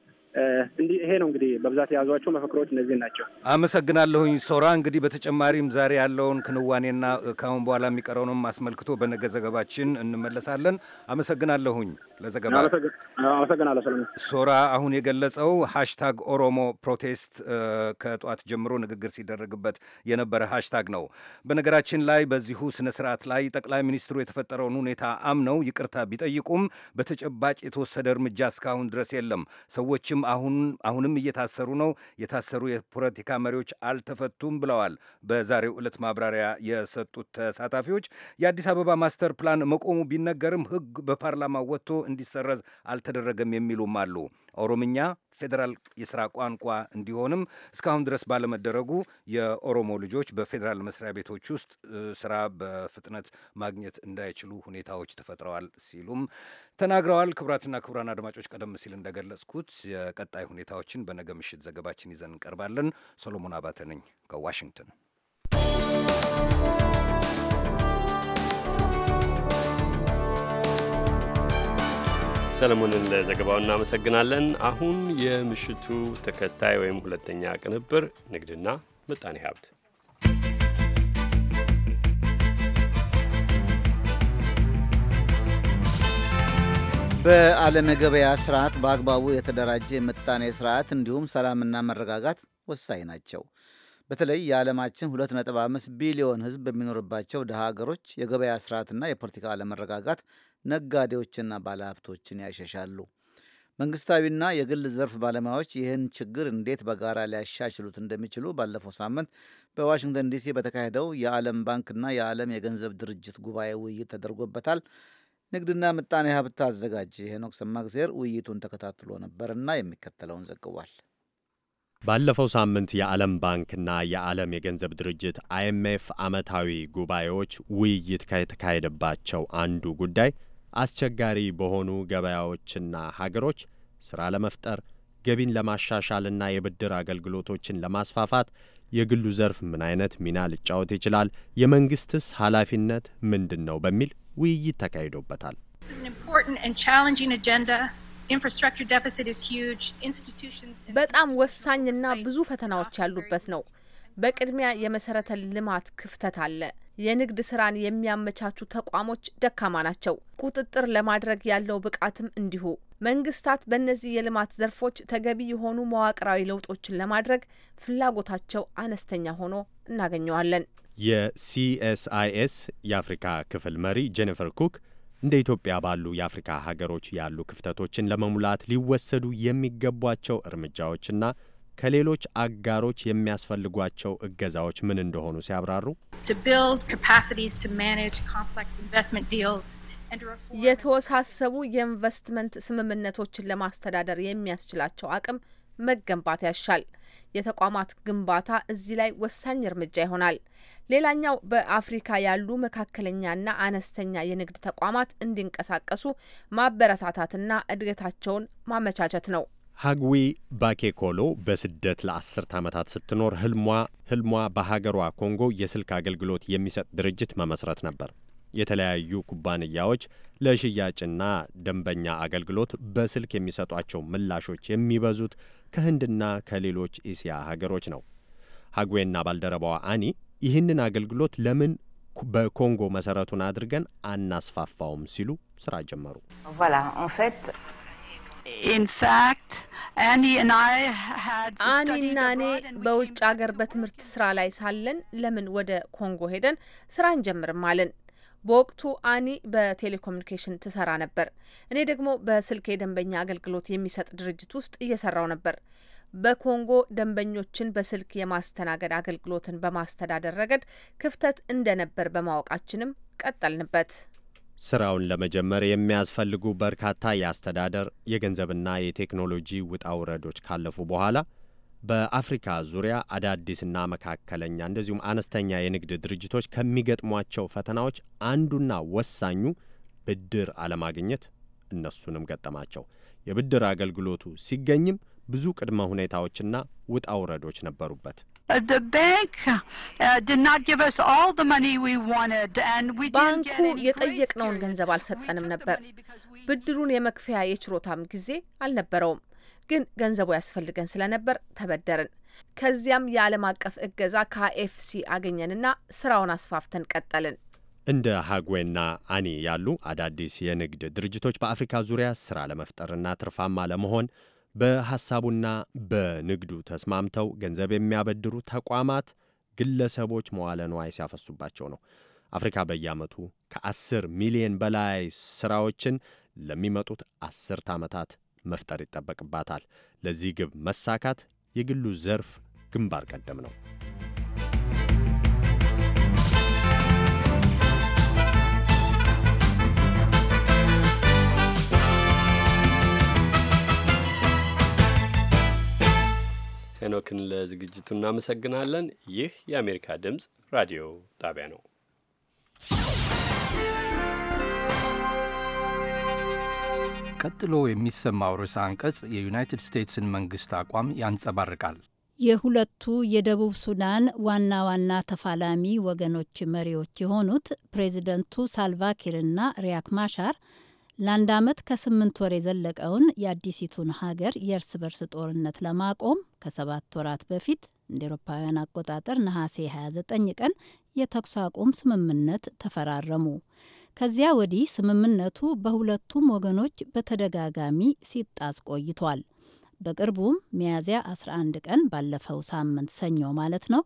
እንዲህ ይሄ ነው እንግዲህ በብዛት የያዟቸው መፈክሮች እነዚህ ናቸው። አመሰግናለሁኝ ሶራ። እንግዲህ በተጨማሪም ዛሬ ያለውን ክንዋኔና ከአሁን በኋላ የሚቀረውንም አስመልክቶ በነገ ዘገባችን እንመለሳለን። አመሰግናለሁኝ ለዘገባ አመሰግናለሁ ሰለሞን። ሶራ አሁን የገለጸው ሃሽታግ ኦሮሞ ፕሮቴስት ከጠዋት ጀምሮ ንግግር ሲደረግበት የነበረ ሃሽታግ ነው። በነገራችን ላይ በዚሁ ስነ ስርዓት ላይ ጠቅላይ ሚኒስትሩ የተፈጠረውን ሁኔታ አምነው ይቅርታ ቢጠይቁም በተጨባጭ የተወሰደ እርምጃ እስካሁን ድረስ የለም። ሰዎችም አሁን አሁንም እየታሰሩ ነው። የታሰሩ የፖለቲካ መሪዎች አልተፈቱም ብለዋል። በዛሬው ዕለት ማብራሪያ የሰጡት ተሳታፊዎች የአዲስ አበባ ማስተር ፕላን መቆሙ ቢነገርም ሕግ በፓርላማ ወጥቶ እንዲሰረዝ አልተደረገም የሚሉም አሉ። ኦሮምኛ ፌዴራል የስራ ቋንቋ እንዲሆንም እስካሁን ድረስ ባለመደረጉ የኦሮሞ ልጆች በፌዴራል መስሪያ ቤቶች ውስጥ ስራ በፍጥነት ማግኘት እንዳይችሉ ሁኔታዎች ተፈጥረዋል ሲሉም ተናግረዋል። ክቡራትና ክቡራን አድማጮች ቀደም ሲል እንደገለጽኩት የቀጣይ ሁኔታዎችን በነገ ምሽት ዘገባችን ይዘን እንቀርባለን። ሰሎሞን አባተ ነኝ ከዋሽንግተን። ሰለሞንን ለዘገባው እናመሰግናለን። አሁን የምሽቱ ተከታይ ወይም ሁለተኛ ቅንብር ንግድና ምጣኔ ሀብት በዓለም የገበያ ስርዓት በአግባቡ የተደራጀ የምጣኔ ስርዓት እንዲሁም ሰላምና መረጋጋት ወሳኝ ናቸው። በተለይ የዓለማችን 2.5 ቢሊዮን ሕዝብ በሚኖርባቸው ድሃ ሀገሮች የገበያ ስርዓትና የፖለቲካ አለመረጋጋት ነጋዴዎችና ባለሀብቶችን ያሸሻሉ። መንግስታዊና የግል ዘርፍ ባለሙያዎች ይህን ችግር እንዴት በጋራ ሊያሻሽሉት እንደሚችሉ ባለፈው ሳምንት በዋሽንግተን ዲሲ በተካሄደው የዓለም ባንክና የዓለም የገንዘብ ድርጅት ጉባኤ ውይይት ተደርጎበታል። ንግድና ምጣኔ ሀብት አዘጋጅ ሄኖክ ሰማግዜር ውይይቱን ተከታትሎ ነበርና የሚከተለውን ዘግቧል። ባለፈው ሳምንት የዓለም ባንክና የዓለም የገንዘብ ድርጅት አይኤምኤፍ ዓመታዊ ጉባኤዎች ውይይት ከተካሄደባቸው አንዱ ጉዳይ አስቸጋሪ በሆኑ ገበያዎችና ሀገሮች ሥራ ለመፍጠር ገቢን ለማሻሻልና የብድር አገልግሎቶችን ለማስፋፋት የግሉ ዘርፍ ምን አይነት ሚና ሊጫወት ይችላል፣ የመንግስትስ ኃላፊነት ምንድን ነው በሚል ውይይት ተካሂዶበታል። በጣም ወሳኝና ብዙ ፈተናዎች ያሉበት ነው። በቅድሚያ የመሰረተ ልማት ክፍተት አለ። የንግድ ስራን የሚያመቻቹ ተቋሞች ደካማ ናቸው። ቁጥጥር ለማድረግ ያለው ብቃትም እንዲሁ። መንግስታት በእነዚህ የልማት ዘርፎች ተገቢ የሆኑ መዋቅራዊ ለውጦችን ለማድረግ ፍላጎታቸው አነስተኛ ሆኖ እናገኘዋለን። የሲኤስአይኤስ የአፍሪካ ክፍል መሪ ጄኒፈር ኩክ እንደ ኢትዮጵያ ባሉ የአፍሪካ ሀገሮች ያሉ ክፍተቶችን ለመሙላት ሊወሰዱ የሚገቧቸው እርምጃዎችና ከሌሎች አጋሮች የሚያስፈልጓቸው እገዛዎች ምን እንደሆኑ ሲያብራሩ የተወሳሰቡ የኢንቨስትመንት ስምምነቶችን ለማስተዳደር የሚያስችላቸው አቅም መገንባት ያሻል። የተቋማት ግንባታ እዚህ ላይ ወሳኝ እርምጃ ይሆናል። ሌላኛው በአፍሪካ ያሉ መካከለኛና አነስተኛ የንግድ ተቋማት እንዲንቀሳቀሱ ማበረታታትና እድገታቸውን ማመቻቸት ነው። ሀግዊ ባኬኮሎ በስደት ለአስርት ዓመታት ስትኖር ህልሟ ህልሟ በሀገሯ ኮንጎ የስልክ አገልግሎት የሚሰጥ ድርጅት መመስረት ነበር። የተለያዩ ኩባንያዎች ለሽያጭና ደንበኛ አገልግሎት በስልክ የሚሰጧቸው ምላሾች የሚበዙት ከህንድና ከሌሎች እስያ ሀገሮች ነው። ሀግዌና ባልደረባዋ አኒ ይህንን አገልግሎት ለምን በኮንጎ መሰረቱን አድርገን አናስፋፋውም ሲሉ ስራ ጀመሩ። አኒና እኔ በውጭ አገር በትምህርት ስራ ላይ ሳለን ለምን ወደ ኮንጎ ሄደን ስራ እንጀምርም አለን። በወቅቱ አኒ በቴሌኮሙኒኬሽን ትሰራ ነበር። እኔ ደግሞ በስልክ የደንበኛ አገልግሎት የሚሰጥ ድርጅት ውስጥ እየሰራው ነበር። በኮንጎ ደንበኞችን በስልክ የማስተናገድ አገልግሎትን በማስተዳደር ረገድ ክፍተት እንደነበር በማወቃችንም ቀጠልንበት። ስራውን ለመጀመር የሚያስፈልጉ በርካታ የአስተዳደር የገንዘብና የቴክኖሎጂ ውጣ ውረዶች ካለፉ በኋላ በአፍሪካ ዙሪያ አዳዲስና መካከለኛ እንደዚሁም አነስተኛ የንግድ ድርጅቶች ከሚገጥሟቸው ፈተናዎች አንዱና ወሳኙ ብድር አለማግኘት እነሱንም ገጠማቸው። የብድር አገልግሎቱ ሲገኝም ብዙ ቅድመ ሁኔታዎችና ውጣ ውረዶች ነበሩበት። ባንኩ የጠየቅነውን ገንዘብ አልሰጠንም ነበር። ብድሩን የመክፈያ የችሮታም ጊዜ አልነበረውም። ግን ገንዘቡ ያስፈልገን ስለነበር ተበደርን። ከዚያም የዓለም አቀፍ እገዛ ከኤፍሲ አገኘንና ስራውን አስፋፍተን ቀጠልን። እንደ ሀጉዌና አኒ ያሉ አዳዲስ የንግድ ድርጅቶች በአፍሪካ ዙሪያ ስራ ለመፍጠርና ትርፋማ ለመሆን በሐሳቡና በንግዱ ተስማምተው ገንዘብ የሚያበድሩ ተቋማት ግለሰቦች መዋለ ንዋይ ሲያፈሱባቸው ነው። አፍሪካ በየዓመቱ ከአስር ሚሊየን ሚሊዮን በላይ ስራዎችን ለሚመጡት አስርት ዓመታት መፍጠር ይጠበቅባታል። ለዚህ ግብ መሳካት የግሉ ዘርፍ ግንባር ቀደም ነው። ሄኖክን ለዝግጅቱ እናመሰግናለን። ይህ የአሜሪካ ድምፅ ራዲዮ ጣቢያ ነው። ቀጥሎ የሚሰማው ርዕሰ አንቀጽ የዩናይትድ ስቴትስን መንግስት አቋም ያንጸባርቃል። የሁለቱ የደቡብ ሱዳን ዋና ዋና ተፋላሚ ወገኖች መሪዎች የሆኑት ፕሬዚደንቱ ሳልቫኪርና ሪያክ ማሻር ለአንድ ዓመት ከስምንት ወር የዘለቀውን የአዲሲቱን ሀገር የእርስ በርስ ጦርነት ለማቆም ከሰባት ወራት በፊት እንደ ኤሮፓውያን አቆጣጠር ነሐሴ 29 ቀን የተኩስ አቁም ስምምነት ተፈራረሙ። ከዚያ ወዲህ ስምምነቱ በሁለቱም ወገኖች በተደጋጋሚ ሲጣስ ቆይቷል። በቅርቡም ሚያዝያ 11 ቀን ባለፈው ሳምንት ሰኞ ማለት ነው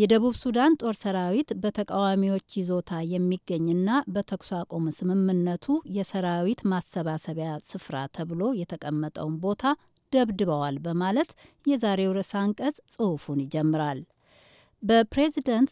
የደቡብ ሱዳን ጦር ሰራዊት በተቃዋሚዎች ይዞታ የሚገኝና በተኩስ አቁም ስምምነቱ የሰራዊት ማሰባሰቢያ ስፍራ ተብሎ የተቀመጠውን ቦታ ደብድበዋል በማለት የዛሬው ርዕሰ አንቀጽ ጽሑፉን ይጀምራል። በፕሬዝደንት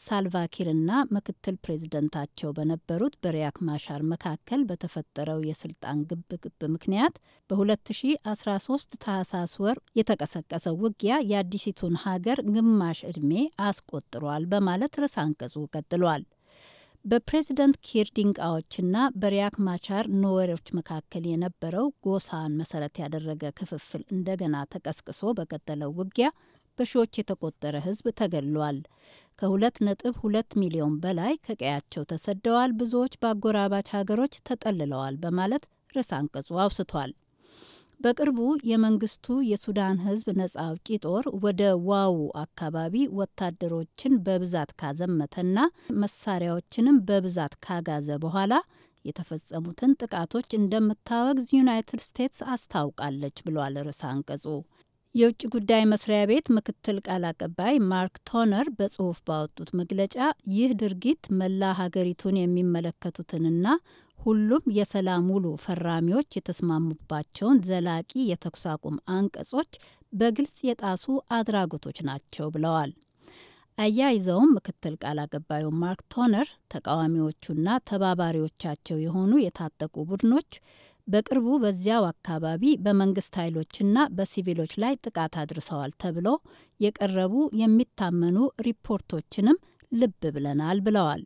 እና ምክትል ፕሬዝደንታቸው በነበሩት በሪያክ ማሻር መካከል በተፈጠረው የስልጣን ግብግብ ምክንያት በ2013 ታህሳስ ወር የተቀሰቀሰው ውጊያ የአዲሲቱን ሀገር ግማሽ ዕድሜ አስቆጥሯል በማለት ርዕሰ አንቀጹ ቀጥሏል። በፕሬዝደንት ኪር ዲንቃዎችና በሪያክ ማቻር ኖዌሮች መካከል የነበረው ጎሳን መሰረት ያደረገ ክፍፍል እንደገና ተቀስቅሶ በቀጠለው ውጊያ በሺዎች የተቆጠረ ህዝብ ተገድሏል። ከ2.2 ሚሊዮን በላይ ከቀያቸው ተሰደዋል፣ ብዙዎች በአጎራባች ሀገሮች ተጠልለዋል በማለት ርዕስ አንቀጹ አውስቷል። በቅርቡ የመንግስቱ የሱዳን ህዝብ ነጻ አውጪ ጦር ወደ ዋው አካባቢ ወታደሮችን በብዛት ካዘመተና መሳሪያዎችንም በብዛት ካጋዘ በኋላ የተፈጸሙትን ጥቃቶች እንደምታወግዝ ዩናይትድ ስቴትስ አስታውቃለች ብሏል ርዕስ አንቀጹ። የውጭ ጉዳይ መስሪያ ቤት ምክትል ቃል አቀባይ ማርክ ቶነር በጽሁፍ ባወጡት መግለጫ ይህ ድርጊት መላ ሀገሪቱን የሚመለከቱትንና ሁሉም የሰላም ውሉ ፈራሚዎች የተስማሙባቸውን ዘላቂ የተኩስ አቁም አንቀጾች በግልጽ የጣሱ አድራጎቶች ናቸው ብለዋል። አያይዘውም ምክትል ቃል አቀባዩ ማርክ ቶነር ተቃዋሚዎቹና ተባባሪዎቻቸው የሆኑ የታጠቁ ቡድኖች በቅርቡ በዚያው አካባቢ በመንግስት ኃይሎችና በሲቪሎች ላይ ጥቃት አድርሰዋል ተብሎ የቀረቡ የሚታመኑ ሪፖርቶችንም ልብ ብለናል ብለዋል።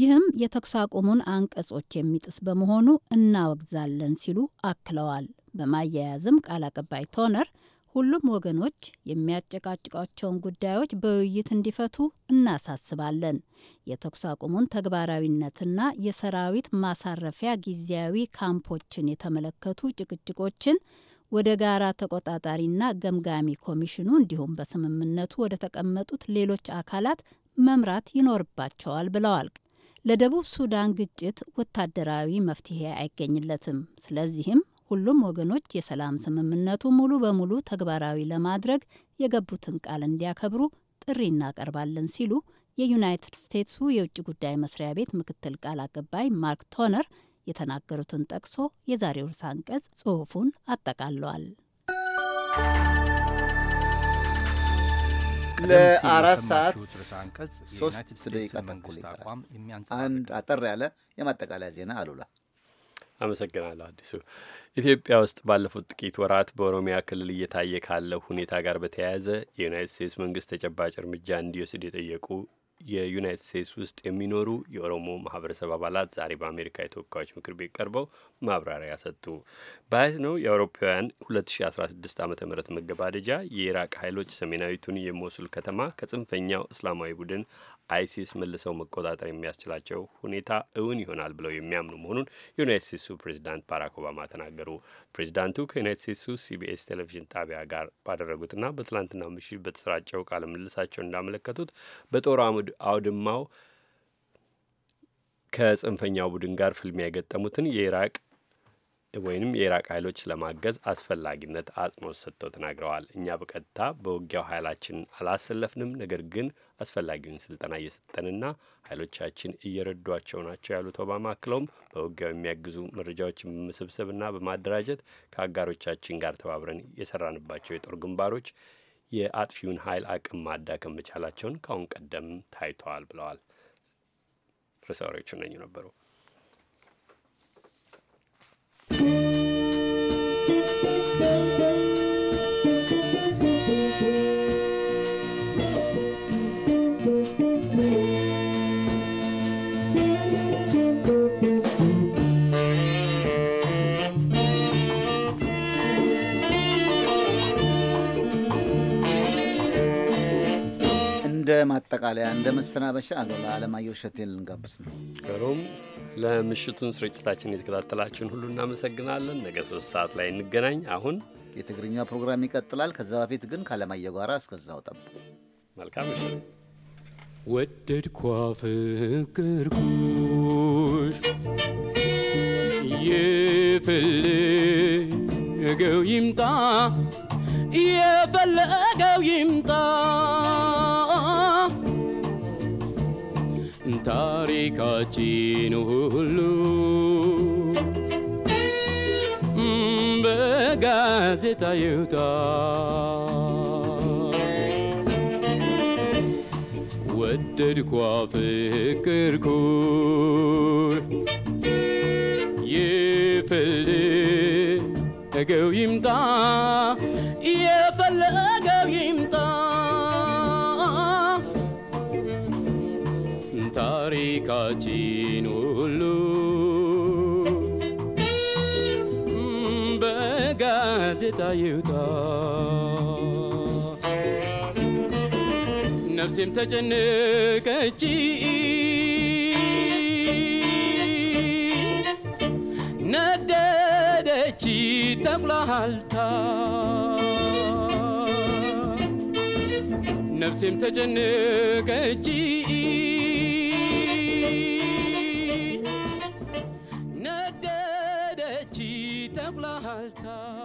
ይህም የተኩስ አቁሙን አንቀጾች የሚጥስ በመሆኑ እናወግዛለን ሲሉ አክለዋል። በማያያዝም ቃል አቀባይ ቶነር ሁሉም ወገኖች የሚያጨቃጭቋቸውን ጉዳዮች በውይይት እንዲፈቱ እናሳስባለን። የተኩስ አቁሙን ተግባራዊነትና የሰራዊት ማሳረፊያ ጊዜያዊ ካምፖችን የተመለከቱ ጭቅጭቆችን ወደ ጋራ ተቆጣጣሪና ገምጋሚ ኮሚሽኑ እንዲሁም በስምምነቱ ወደ ተቀመጡት ሌሎች አካላት መምራት ይኖርባቸዋል ብለዋል። ለደቡብ ሱዳን ግጭት ወታደራዊ መፍትሄ አይገኝለትም። ስለዚህም ሁሉም ወገኖች የሰላም ስምምነቱ ሙሉ በሙሉ ተግባራዊ ለማድረግ የገቡትን ቃል እንዲያከብሩ ጥሪ እናቀርባለን ሲሉ የዩናይትድ ስቴትሱ የውጭ ጉዳይ መስሪያ ቤት ምክትል ቃል አቀባይ ማርክ ቶነር የተናገሩትን ጠቅሶ የዛሬው ርዕሰ አንቀጽ ጽሑፉን አጠቃለዋል። ለአራት ሰዓት ሶስት ደቂቃ ተኩል አንድ አጠር ያለ የማጠቃለያ ዜና አሉላ አመሰግናለሁ አዲሱ። ኢትዮጵያ ውስጥ ባለፉት ጥቂት ወራት በኦሮሚያ ክልል እየታየ ካለው ሁኔታ ጋር በተያያዘ የዩናይት ስቴትስ መንግስት ተጨባጭ እርምጃ እንዲወስድ የጠየቁ የዩናይት ስቴትስ ውስጥ የሚኖሩ የኦሮሞ ማህበረሰብ አባላት ዛሬ በአሜሪካ የተወካዮች ምክር ቤት ቀርበው ማብራሪያ ሰጡ። ነው የአውሮፓውያን 2016 ዓ ም መገባደጃ የኢራቅ ኃይሎች ሰሜናዊቱን የሞሱል ከተማ ከጽንፈኛው እስላማዊ ቡድን አይሲስ መልሰው መቆጣጠር የሚያስችላቸው ሁኔታ እውን ይሆናል ብለው የሚያምኑ መሆኑን የዩናይት ስቴትሱ ፕሬዚዳንት ባራክ ኦባማ ተናገሩ። ፕሬዚዳንቱ ከዩናይት ስቴትሱ ሲቢኤስ ቴሌቪዥን ጣቢያ ጋር ባደረጉትና በትላንትናው ምሽት በተሰራጨው ቃለ ምልልሳቸው እንዳመለከቱት በጦር አውድማው ከጽንፈኛው ቡድን ጋር ፍልሚያ የገጠሙትን የኢራቅ ወይንም የኢራቅ ኃይሎች ለማገዝ አስፈላጊነት አጽንኦት ሰጥተው ተናግረዋል። እኛ በቀጥታ በውጊያው ኃይላችን አላሰለፍንም፣ ነገር ግን አስፈላጊውን ስልጠና እየሰጠንና ኃይሎቻችን እየረዷቸው ናቸው ያሉት ኦባማ አክለውም በውጊያው የሚያግዙ መረጃዎችን በመሰብሰብና በማደራጀት ከአጋሮቻችን ጋር ተባብረን የሰራንባቸው የጦር ግንባሮች የአጥፊውን ኃይል አቅም ማዳከም መቻላቸውን ከአሁን ቀደም ታይተዋል ብለዋል። ርዕሰ ወሬዎቹ እነኙ ነበሩ። ማጠቃለያ እንደ መሰናበሻ አሉላ አለማየሁ እሸቴን ልንጋብዝ ነው። ገሩም ለምሽቱን ስርጭታችን የተከታተላችሁን ሁሉ እናመሰግናለን። ነገ ሶስት ሰዓት ላይ እንገናኝ። አሁን የትግርኛ ፕሮግራም ይቀጥላል። ከዛ በፊት ግን ከአለማየሁ ጋር እስከዛው ጠብቁ። መልካም ምሽት። ወደድኳ ፍቅርኩሽ የፈለገው ይምጣ የፈለገው ይምጣ ታሪካችን ሁሉ በጋዜጣ ይውጣ ወደድኳ ፍቅርኩ ይፍልገው ይምጣ የፈለገው ይምጣ ሥራችን ሁሉ በጋዜጣ ይውጣ። ነፍሴም ተጨነቀች ነደደች ተቁላሃልታ ነፍሴም ተጨነቀች Altar.